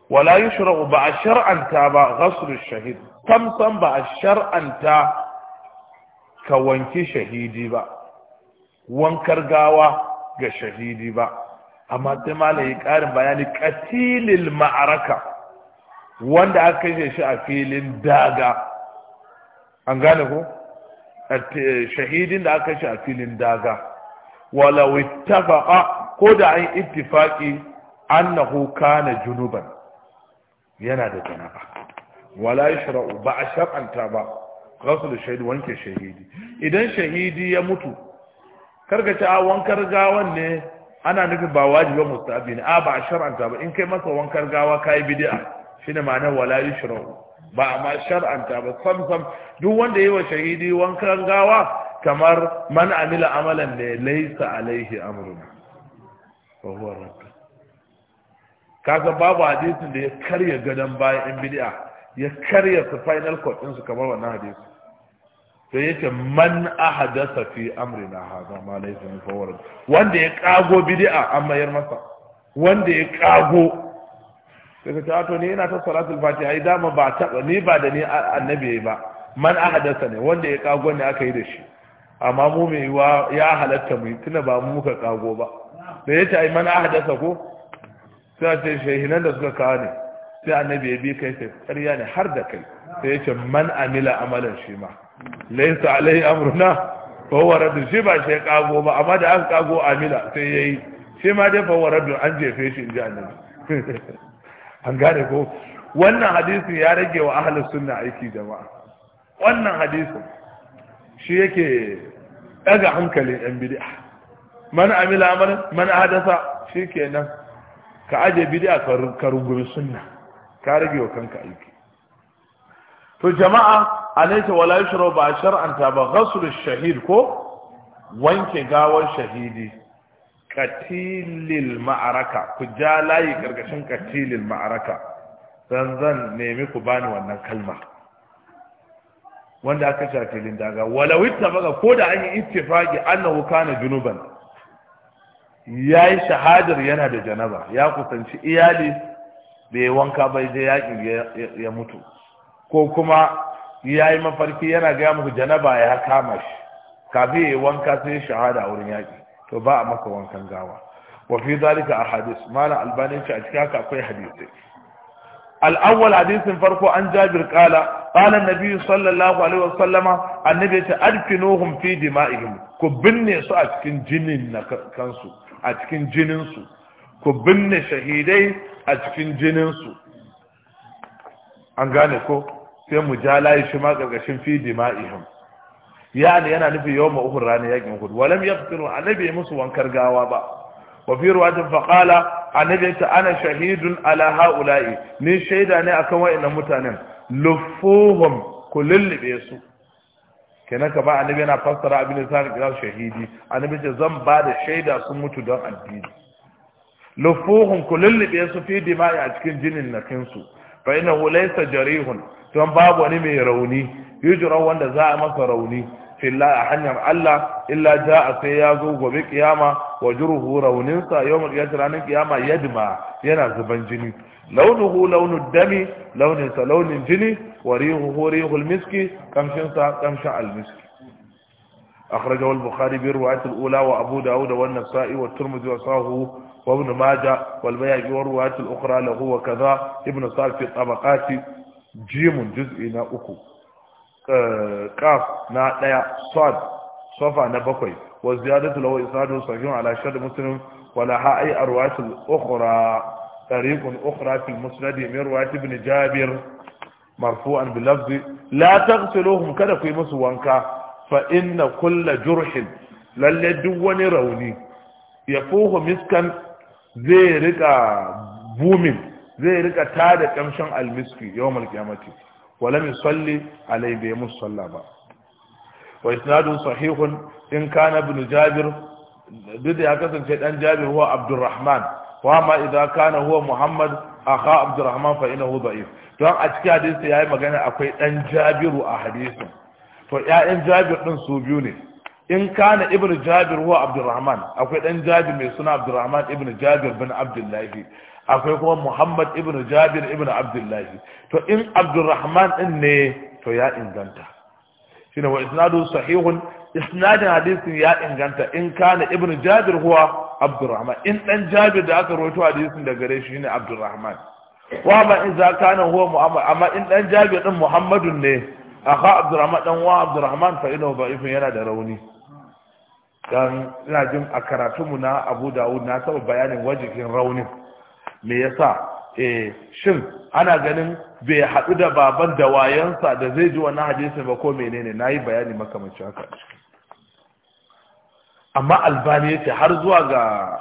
wala yushra'u ba a shar'anta ba ghaslu shahid sam ba a shar'anta ka wanki shahidi ba wankar gawa ga shahidi ba amma sai malai karin bayani qatilil ma'araka wanda aka kashe shi a filin daga an gane ko shahidin da aka kashe a filin daga wala wittafaqa ko da an ittifaqi annahu kana junuban yana da janaba wala yashra'u ba a ta ba ghusl shahidi wanke shahidi idan shahidi ya mutu karka ta wankar gawan ne ana nufin ba wajibi mustabi ne a ba a ta ba in kai masa wankar gawa kai bid'a shine ne wala yushra'u ba amma shar'anta ba sam sam duk wanda yi wa shahidi wankan gawa kamar man amila amalan da laisa alaihi amrun fa huwa rabb babu hadisin da ya karya gadon bayan in bid'a ya karya su final court din su kamar wannan hadisi sai yake man ahadasa fi amrina hada ma laisa min fa wanda ya kago bid'a an mayar masa wanda ya kago sai ka ce ato ne yana ta salatul fatiha ai dama ba taba ni ba da ni annabi yayi ba man ahadasa ne wanda ya kago ne aka yi da shi amma mu mai yiwa ya halatta mu tuna ba mu muka kago ba da yace ai man ahadasa ko sai ce shehinan da suka kawo ne sai annabi ya bi kai sai ƙarya ne har da kai sai yace man amila amalan shi ma laysa alai amruna fa huwa rad shi ba shi kago ba amma da aka kago amila sai yayi shi ma dai fa huwa rad an jefe shi inji annabi an gane ko wannan hadisin ya rage wa ahalin sunna aiki jama'a wannan hadisin shi yake daga hankalin yan bid'a man amila amalan man hadasa shikenan ka aje bid'a ka rungumi sunna ka rage wa kanka aiki to jama'a alaysa wala yushra ba shar'an ta ba ghasl ash-shahid ko wanke gawar shahidi katilil ma'araka ku ja layi ƙarƙashin katilil ma'araka zan zan nemi ku bani wannan kalma wanda aka sha filin daga Walawitta ittafaqa ko da an yi ittifaqi annahu kana junuban yayi shahadar yana da janaba ya kusanci iyali bai wanka bai da yaƙi ya mutu ko kuma yayi mafarki yana ga muku janaba ya kama shi kafin ya wanka sai shahada wurin yaƙi. to ba a maka wankan gawa wa fi zalika ahadith mala albani a cikin haka akwai hadisi al-awwal hadisin farko an jabir qala qala an-nabi sallallahu alaihi wasallam annabi ce adfinuhum fi dima'ihim ku binne su a cikin jinin na kansu a cikin jinin su ku binne shahidai a cikin jinin su an gane ko sai mu ja layi shi ma karkashin fi dima'ihim yani yana nufin yawon ma'ukun ranar yakin hudu walam ya fitiru annabi ya musu wankar gawa ba wa fi ruwatin faƙala annabi ya ana shahidun ala ha'ula'i ni shaida ne akan wa'annan mutanen lufuhum ku lullube su kenan ka ba annabi yana fassara abin da sa ga shahidi annabi ce zan ba da shaida sun mutu don addini lufuhum ku lullube su fi dima'i a cikin jinin nakinsu fa innahu laysa jarihun don babu wani mai rauni hijira wanda za a masa rauni Filla a hanyar Allah illa ja'a sai ya zo gobe kiyama wa juruhu rauninsa yawmul qiyamah ranar kiyama yadma yana zuban jini launuhu launu dami launin sa launin jini wa rihuhu rihul miski kamshin sa kamshin almiski akhrajahu al-bukhari bi riwayat al-ula wa abu daud wa an-nasa'i wa at-tirmidhi wa sahahu wa ibn majah wal bayhaqi wa riwayat al-ukhra lahu wa kadha ibn sa'd fi tabaqati jimun juz'i na uku ƙaf eh, na ɗaya sad safa na bakwai wa ziyadatu lahu isnadu sahih ala shad muslim wa la ha'i arwatul ukhra tariq ukhra fi musnad min riwayat ibn jabir marfu'an bi lafzi la taghsiluhum kada ku yi musu wanka fa inna kulla jurhin lalle duk wani rauni ya fuhu miskan zai rika bumin zai rika tada kamshin almiski yawmal qiyamati ولم يصلي عليه بيمس صلى با وإسناد صحيح إن كان ابن جابر duk da ya kasance dan jabir huwa abdurrahman wa ma idza kana huwa muhammad akha abdurrahman fa innahu da'if don a ciki hadisi yayi magana akwai dan jabiru a hadisin to ƴaƴan jabir ɗin su biyu ne in kana ibnu jabir huwa abdurrahman akwai ɗan jabir mai suna abdurrahman Ibn jabir bin abdullahi akwai kuma muhammad ibn jabir ibn abdullahi to in abdurrahman din ne to ya inganta shine wa isnadu sahihun isnadu hadisin ya inganta in kana ibn jabir huwa abdurrahman in dan jabir da aka rawaito hadisin daga gare shi shine abdurrahman wa ba in za kana huwa muhammad amma in dan jabir din muhammadun ne akha abdurrahman dan wa abdurrahman fa inna da'ifun yana da rauni dan ina jin a karatunmu na abu dawud na saba bayanin wajikin raunin me yasa eh shin ana ganin bai haɗu da baban da wayansa da zai ji wani hadisi ba ko menene nayi bayani makamancin haka amma albani yace har zuwa ga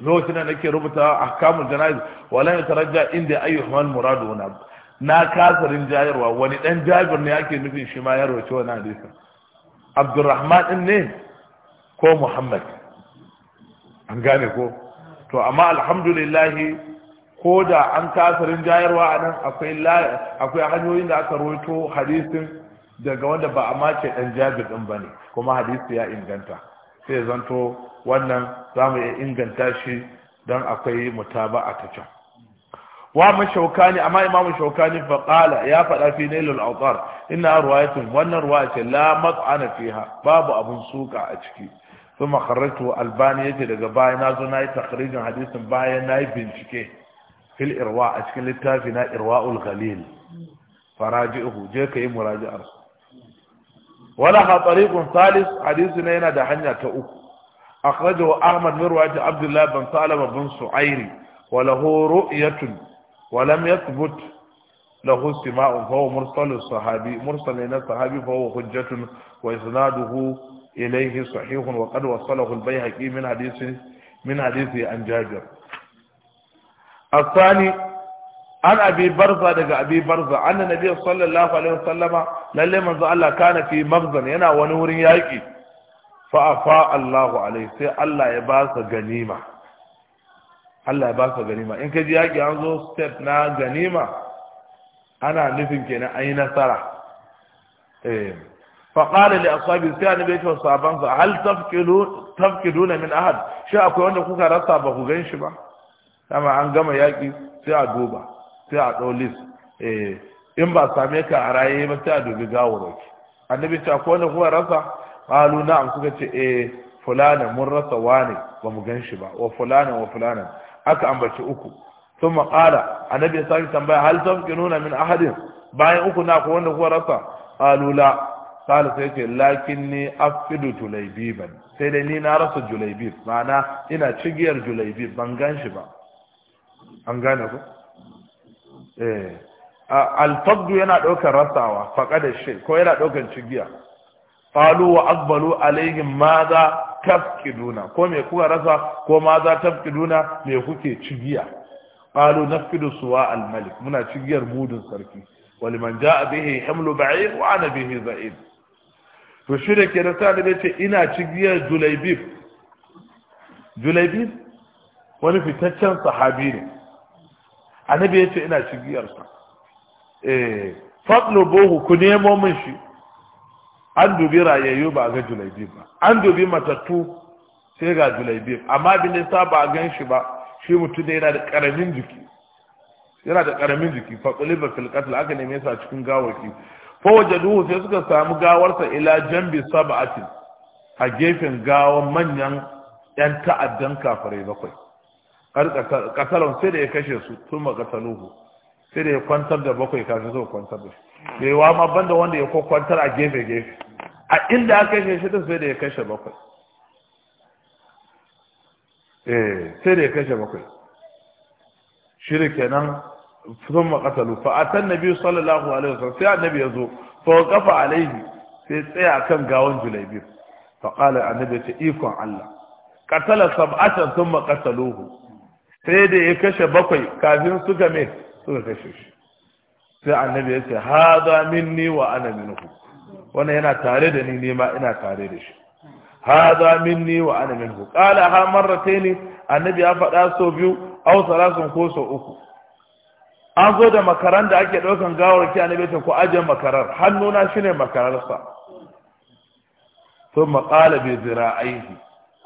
lokacin da nake rubuta ahkamul janayiz wala taraja inda man muradu na na kasarin jayarwa wani dan jabir ne ake nufin shi ma ya rawace wani hadisi abdurrahman ne ko muhammad an gane ko to amma alhamdulillah ko da an kasarin jayarwa a nan akwai hanyoyin da aka roto hadisin daga wanda ba a mace dan jabir din bane kuma hadisi ya inganta sai zanto wannan zamu iya inganta shi dan akwai mutaba a ta can wa mu shaukani amma imamu shaukani fa qala ya fada fi nailul awtar inna ruwayatun wannan ruwaya ce la mat'ana fiha babu abun suka a ciki su خرجته albani ce daga baya na yi takhrijin hadisin baya yi bincike fil irwa a cikin littafi na irwa irwaul faraji uku, je ka kai muraji'ar wani hatsari kun salis hadisi ne yana da hanya ta uku a akhrajahu ahmad min ji abdullah bin salama bin su'airi wa lahu ru'yatun wa lam yathbut له سماع sahabi مرسل na sahabi إلى الصحابي فهو إليه صحيح وقد وصله البيهقي من حديث من حديث عن جابر الثاني عن أبي برزة دقى أبي برزة عن النبي صلى الله عليه وسلم للي من الله كان في مغزن ينا ونور يأكي فأفاء الله عليه سي الله يباس غنيمة الله يباس ba إن كي in أنظر ستبنا yaƙi أنا zo كينا أين سرح إيه faƙala da asabi sai annabi ya ce wa sahabansa hal tafkiduna min ahad shi akwai wanda kuka rasa ba ku gan ba kama an gama yaƙi sai a duba sai a ɗau list in ba same ka a raye ba sai a dubi gawarwaki annabi ce akwai wanda kuka rasa ƙalu na'am suka ce eh fulana mun rasa wane ba mu gan ba wa fulana wa fulana aka ambaci uku ثم قال النبي صلى الله tambaya وسلم هل تفكرون من احد باين uku na ko wanda kuka rasa qalu la قال سيتي لكني أفقد جليبيبا سيدي أنا رأس جليبيب معنى إنا تشجير جليبيب بانغان شبا أنغان أبو إيه الفقد ينا دوك رساوة فقد الشيء كو ينا دوك تشجير قالوا وأقبلوا عليهم ماذا tafkiduna كو me kuka rasa ko ma za tafkiduna me kuke cigiya qalu nafkidu suwa al-malik muna cigiyar mudun sarki wal man jaa bihi hamlu ba'ir to shi da ke da sa da ce ina cigiyar julaibib julaibib wani fitaccen sahabi ne annabi ya ce ina cigiyarsa eh, faɗin bohu ku nemo min shi an dubi rayayyu ba a ga julaibib ba an dubi matattu sai ga julaibib amma bin da ba a gan shi ba shi mutum yana da karamin jiki yana da karamin jiki fatsuli aka neme sa cikin gawaki fawajaduhu sai suka samu gawarsa ila jambi sab'atin a gefen gawan manyan yan ta'addan kafirai bakwai kasalon sai da ya kashe su tun makataluhu sai da ya kwantar da bakwai kafin su kwantar da shi yawa ma banda wanda ya kwantar a gefe gefe a inda aka kashe shi sai da ya kashe bakwai eh sai da ya kashe bakwai shirke kenan sun makatalu Fa'atan a tan sallallahu alaihi wasallam sai annabi ya zo fa kafa alaihi sai tsaya kan gawan julaibi fa qala annabi ta ikon Allah qatala sab'atan sun qataluhu sai da ya kashe bakwai kafin suka me suka kashe shi sai annabi ya ce min ni wa ana minhu Wani yana tare da ni nema, ina tare da shi min ni wa ana minhu qala ha ne. annabi ya faɗa sau biyu au salasun ko sau uku an zo da makaran da ake ɗaukan gawar ki annabi ta ku aje makarar hannuna shine makararsa thumma qala bi zira'ihi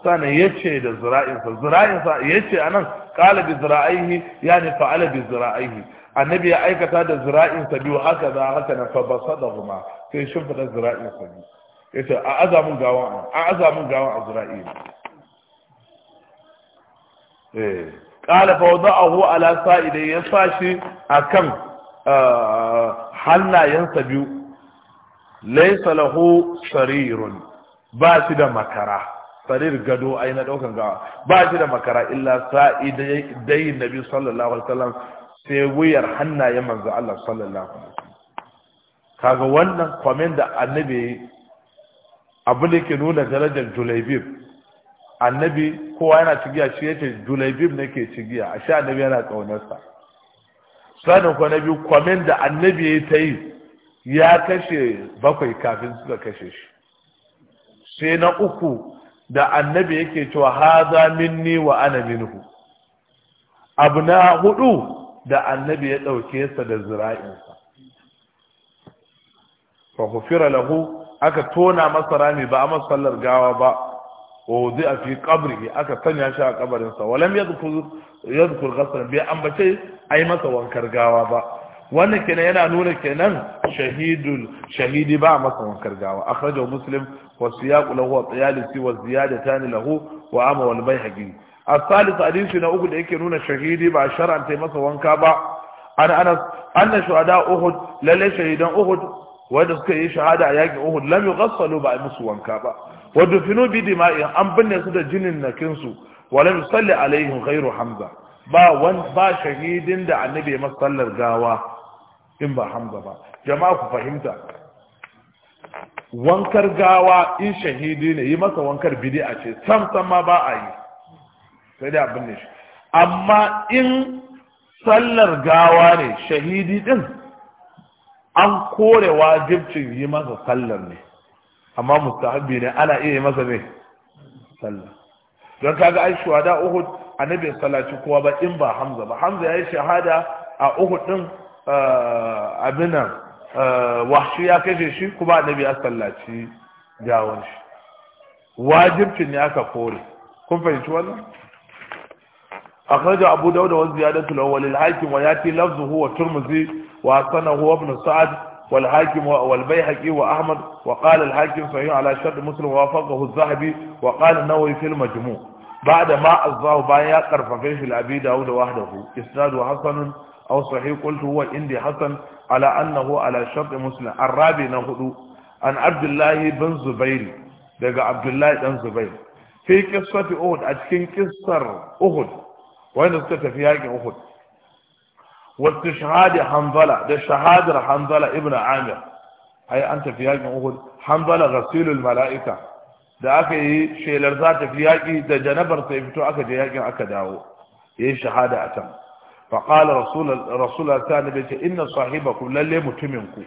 ya yace da zira'insa zira'insa yace anan qala bi zira'ihi yani fa'ala bi zira'ihi annabi ya aikata da zira'insa biyu haka za haka na fa basadahuma sai shimfida zira'insa biyu yace a azamin gawan a azamin gawan a zira'i eh qala fa wada'ahu ala sa'idai ya sa a kan ah, hannayensa biyu laysa lahu sarirun ba shi da makara sarir gado ai na daukan gawa ba shi da makara illa sa'idai nabi sallallahu alaihi wasallam sai wuyar hannaye manzo Allah sallallahu alaihi wasallam kaga wannan kwamen da annabi abu da ke nuna darajar julaibib annabi kowa yana cigiya shi yace julaibib nake cigiya shi annabi yana kaunarsa sanin ko na biyu kwamin da annabi ya ta yi ya kashe bakwai kafin suka kashe shi sai na uku da annabi yake cewa haza minni wa ana minhu abu na hudu da annabi ya ɗauke sa da zira'insa fa lahu aka tona masa rami ba a masallar gawa ba ووضع في قبره أكا سنيا شاء قبرنسا ولم يذكر يذكر غسلا بي أنبتي أي مسا وانكرقاوا با وانا كنا ينا نونا كنا شهيد شهيد با مسا وانكرقاوا أخرجه مسلم والسياق له وزياده والزيادتان له وعام والبيحقي الثالث حديثنا أقول إيكي نونا شهيد با شرعا تي مسا وانكابا أنا أنا أن شهداء أهد للي شهيدا أهد wanda suka yi shahada a لم يغسلوا lam yughassalu ba wadufinu bi dima'in an binne su da jinin nakin su wa lam yusalli alaihim ghairu hamza ba wan ba shahidin da annabi masallar gawa in ba hamza ba jama'a ku fahimta wankar gawa in shahidi ne yi masa wankar bid'a ce sam sama ma ba a yi sai da abin shi amma in sallar gawa ne shahidi din an kore wajibcin yi masa sallar ne amma mustahabbi ne ana iya yi masa mai sallah don kaga ai shuhada uhud annabi sallaci kowa ba in ba hamza ba hamza yayi shahada a uhud din eh, abin eh, wahshi ya kashe shi kuma annabi ya sallaci gawon shi wajibcin ne aka kore kun fahimci wannan أخرج أبو داود wa الأول الحاكم ويأتي لفظه هو الترمذي وحسنه هو ابن سعد والحاكم والبيهقي وأحمد وقال الحاكم صحيح على شرط مسلم وافقه الذهبي وقال النووي في المجموع بعد ما أصداه بايا قرفقه الأبي داود وحده إسناد حسن أو صحيح قلت هو عندي حسن على أنه على شرط مسلم الرابي نهدو عن عبد الله بن زبير دقى عبد الله بن زبير في قصة أهد أتكين قصة أهد وين استفى في هاجم أهد wasu shahadi da shahadar hanzala ibn amir ai an tafi yakin uhud hanzala rasulul mala'ika da aka yi shelar za ta fi yaƙi da janabar sai fito aka je yakin aka dawo yayi shahada a can فقال رسول رسول الله بيت ان صاحبكم للي متمنكم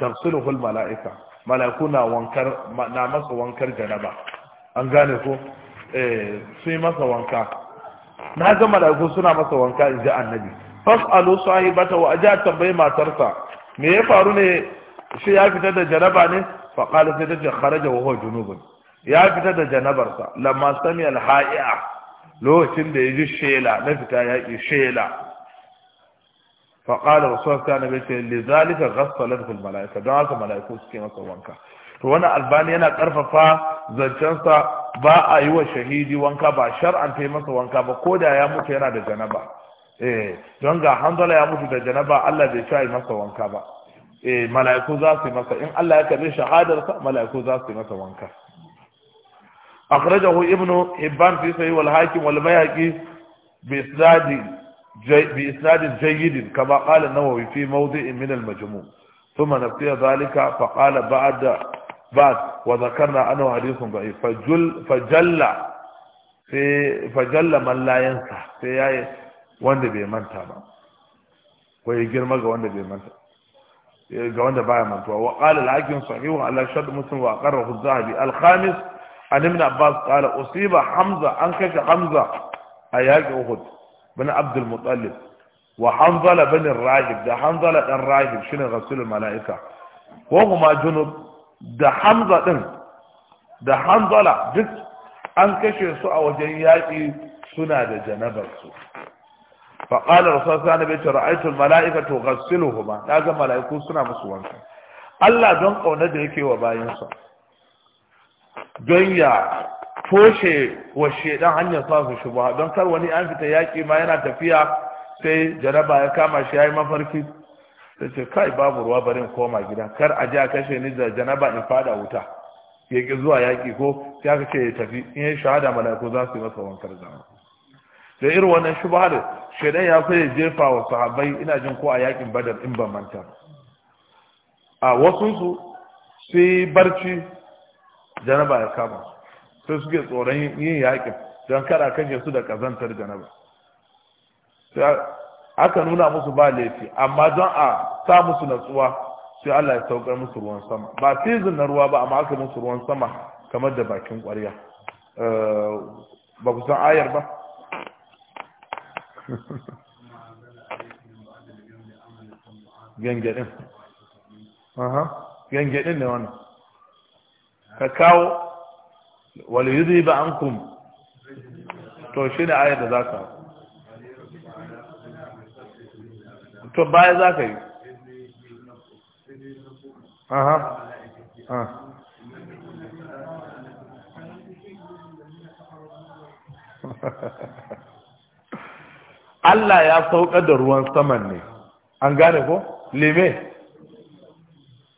تغسله الملائكه ملائكونا وانكر masa wankar janaba an gane ko eh sai masa wanka na ga malaiku suna masa wanka inji annabi fas'alu sahibata wa aja tambayi matarsa me ya faru ne shi ya fita da janaba ne fa qala sai ta kharaja wa huwa junubun ya fita da janabarsa lamma sami al-ha'i'a lokacin da yaji shela na fita ya yi shela fa qala rasul kana bi lidhalika ghassalat fil malaika don aka malaiku suke masa wanka to wannan albani yana karfafa zancensa ba a yi wa shahidi wanka ba shar'an ta yi masa wanka ba ko da ya mutu yana da janaba eh don ga hanzala ya mutu da janaba Allah bai ci masa wanka ba eh mala'iku za su masa in Allah ya karbi sa mala'iku za su masa wanka akhrajahu ibnu hibban fi sahih wal hakim wal bayhaqi bi isnad bi isnad jayyid kama qala an-nawawi fi mawdi'in min al-majmu' thumma nafiya dhalika fa qala ba'da ba'd wa dhakarna anna hadithun da'if fajalla fajalla man la yansa sai yayi wanda bai manta ba ko ya girma ga wanda bai manta ga wanda baya mantuwa wa qala al-hakim sahihun ala shadd muslim wa qarrahu az-zahabi al-khamis an ibn abbas qala usiba hamza an kashe hamza a yaki uhud bin abdul muttalib wa Hamzala bin rahib da Hamzala dan rahib shine rasulul malaika wa huma junub da hamza din da Hamzala duk an kashe su a wajen yaki suna da janabar su fa qala rasul sallallahu alaihi wasallam ra'aytu almala'ikata tughsiluhuma naga mala'iku suna musu wanka Allah don kauna da yake wa bayansa don ya toshe wa shedan hanyar sa su shubha don kar wani an fita yaki ma yana tafiya sai jaraba ya kama shi yayi mafarki sai ce kai babu ruwa barin koma gida kar a ji a kashe ni da janaba in fada wuta ya zuwa yaƙi ko sai aka ce ya tafi in ya shahada mala'iku za su yi masa wankar zama da irin wannan shubhar shaidan ya so ya jefa wa sahabbai ina jin ko a yakin badar in ban manta a wasu su sai barci janaba ya kama sai suke tsoron yin yakin don kada kan su da kazantar janaba sai aka nuna musu ba laifi amma don a sa musu natsuwa sai Allah ya saukar musu ruwan sama ba season na ruwa ba amma aka musu ruwan sama kamar da bakin ƙwarya eh, ba ku san ayar ba gangadin aha gangadin ne wannan ka kawo wal yudhiba ankum to shi ne ayar da za zaka to baya za ka yi aha ha ah. Allah ya sauka da ruwan saman ne an gane ko lime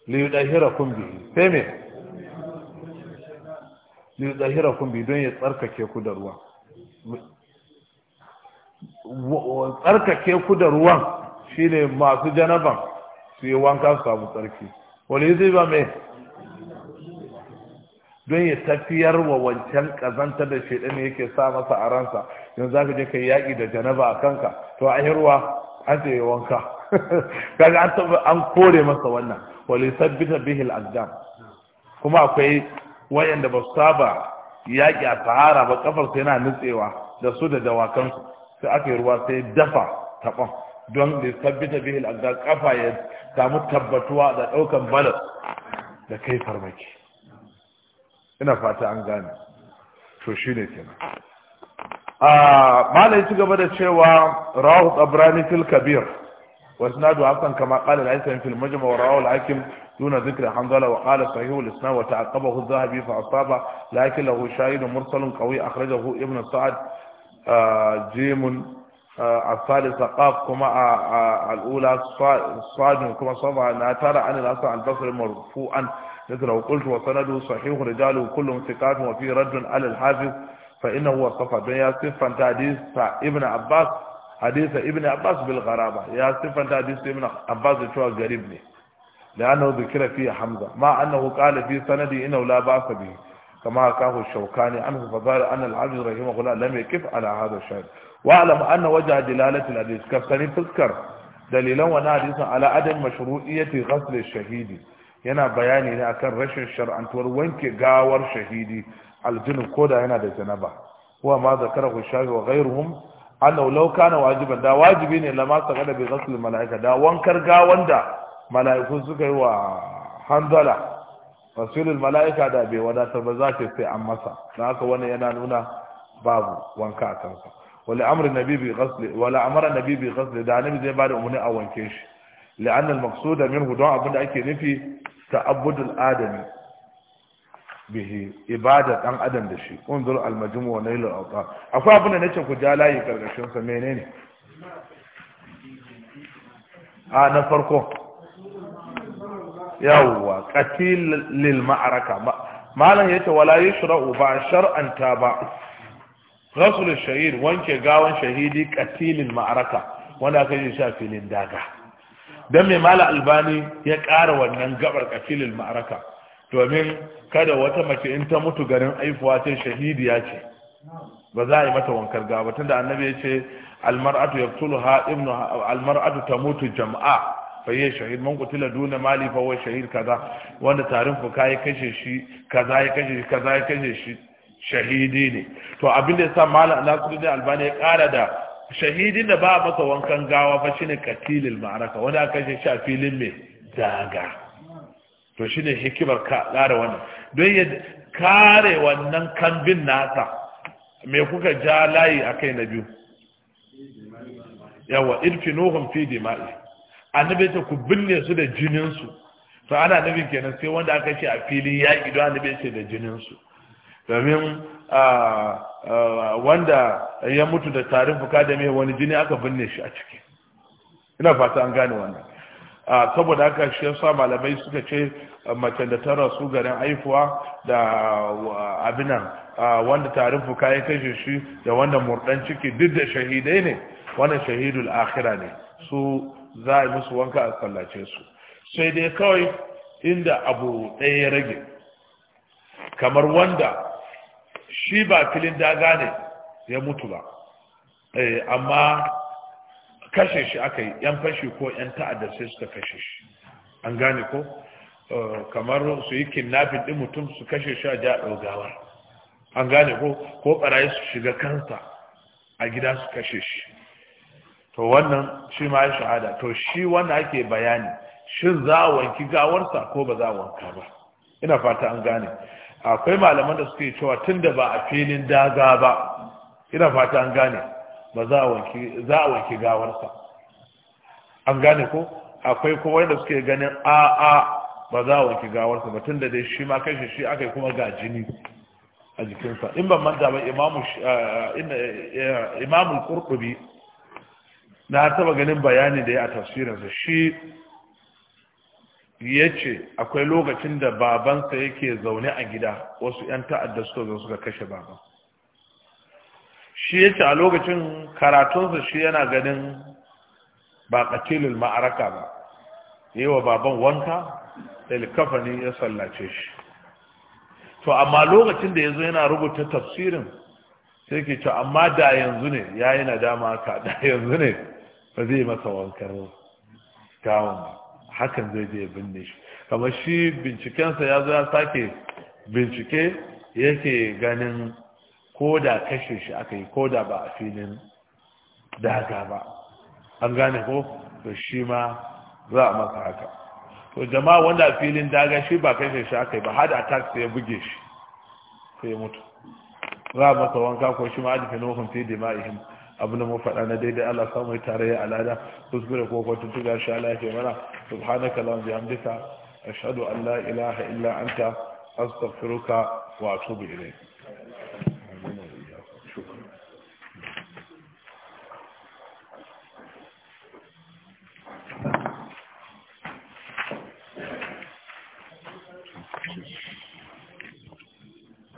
liyudahira kun bi, sai me liyudahira kun bi don ya tsarkake ku da ruwan tsarkake ku da ruwan shine masu janaban su yi wanka su samu tsarki wani zai ba mai don ya tafiyar wa wancan kazanta da shaidan yake sa masa a ransa yanzu za ka je ka yaƙi da janaba a kanka to a hirwa an ce wanka kaga an an kore masa wannan wali sabbita bihi al-aqdam kuma akwai wayanda ba su saba yaƙi a sahara ba kafar sai yana nutsewa da su da dawakan su sai aka ruwa sai dafa taban don da sabbita bihi al-aqdam kafa ya samu tabbatuwa da ɗaukar balas da kai farmaki ina fata an gane to shine kenan a ah. ah, malai ci gaba da cewa rahu tsabrani fil kabir wasu na hakan kama qala da aisan fil majma wa rahu al-hakim دون ذكر حنظلة وقال صحيح الإسلام وتعقبه الذهبي فأصابه لكن له شاهد مرسل قوي أخرجه ابن سعد جيم الثالث قاف كما الأولى صاد كما صفى أنها ترى عن الاصل البصري مرفوعا مثل لو قلت وسنده صحيح رجاله كلهم ثقات وفي رد على الحافظ فإنه وصف دنيا صفا تحديث ابن عباس حديث ابن عباس بالغرابة يا صفا تحديث ابن عباس شو غريبني لأنه ذكر فيه حمزة مع أنه قال في سندي إنه لا بأس به كما كان الشوكاني عنه فظهر أن الحافظ رحمه الله لم يكف على هذا الشيء واعلم أن وجه دلالة الحديث كفتني تذكر دليلا ونحديثا على عدم مشروعية غسل الشهيد yana bayani ne akan rashin shar'antuwar wanke gawar shahidi aljinu ko da yana da janaba huwa ma zakara ku shafi wa ghairuhum annahu law kana wajiban da wajibi ne lama sakada bi ghasl malaika da wankar gawan da malaiku suka yi wa handala rasulul malaika da bai wadatar ba zaka sai an masa dan haka wannan yana nuna babu wanka a kansa wala amru nabi bi ghasl wala amara nabi bi ghasl da annabi zai bada umarni a wanke shi لأن المقصود منه دعاء da ake nufi. ta'abbudul adami bihi ibada dan adam da shi unzur al majmu wa nailul awqa akwai abin da nace ku ja layi karkashin sa menene a na farko yawwa qatil lil ma'araka malan yace wala yushra'u ba shar'an ta ba rasul shahid wanke gawan shahidi katilin ma'araka wanda kai shi filin daga don mai mala albani ya kara wannan gabar kafilin ma'araka domin kada wata mace in ta mutu garin aifuwa ta shahidiya ce ba za a yi mata wankar gaba tunda annabi ya ce almar'atu yaqtuluha ibnu almar'atu tamutu jama'a fa hiya shahid man qutila duna mali fa huwa shahid kaza wanda tarin fuka ya kashe shi kaza ya kashe shi kaza ya kashe shi shahidi ne to abin da yasa mala Albani ya kara da shahidin da ba masa wankan gawa fa shine katilil ma'araka wanda aka ce shi a filin mai daga to shine hikimar ka tsara wannan don ya kare wannan kambin nasa mai kuka ja layi a kai na biyu yawa nuhun fi dima'i annabi ta ku binne su da jininsu. to ana nufin kenan sai wanda aka ce a filin yaƙi don annabi ce da jininsu. domin wanda ya mutu da tarin fuka da mai wani jini aka binne shi a ciki ina fata an gane wannan saboda haka shi ya sa malamai suka ce mace da ta rasu garin haifuwa da abinan wanda tarin fuka ya kashe shi da wanda murdan ciki duk da shahidai ne wannan shahidul akhira ne su za a yi musu wanka a tsallace su sai dai kawai inda abu ɗaya ya rage kamar wanda shi ba filin daga ne ya mutu ba eh, amma kashe shi aka yi yan fashi ko yan ta'addar sai suka kashe shi an gane ko eh, kamar su yi kinnafin din mutum su kashe shi a ja gawar an gane ko ko barayi su shiga kansa a gida su kashe shi to wannan shi ma ya shahada to shi wanda ake bayani shin za a wanki gawarsa ko ba za a wanka ba ina fata an gane akwai malaman da suke cewa tunda ba a filin daga ba ina fata an gane ba za a wanki gawarsa an gane ko akwai kuma da suke ganin a a ba za a wanki gawarsa ba tunda dai shi ma kai shi aka yi kuma ga jini a jikinsa in ban manta ba imamu kurkubi na taba ganin bayani da ya a tafsirinsa shi ya ce akwai lokacin da babansa yake zaune a gida wasu 'yan ta'adda suka zo suka kashe baban shi ya ce a lokacin karatunsa shi yana ganin ba ƙatilin ma'araka ba yi wa baban wanka ilkafani ya sallace shi to amma lokacin da ya zo yana rubuta tafsirin sai ke ce amma da yanzu ne ya yi nadama ka da yanzu ne ba zai masa wankan gawon ba hakan zai je binne shi kamar shi bincikensa ya zo ya sake bincike yake ganin ko da kashe shi aka yi ko da ba a filin daga ba an gane ko to shi ma za a masa haka to jama'a wanda a filin daga shi ba kashe shi aka yi ba hada attack sai ya buge shi sai ya mutu za a masa wanka ko shi ma adifin wakon fi dima'ihim abin da mu faɗa na daidai Allah samu ya alada kuskure ko kwatun tuga sha Allah ke mana subhanaka allahumma bihamdika ashhadu an la ilaha illa anta astaghfiruka wa atubu ilayk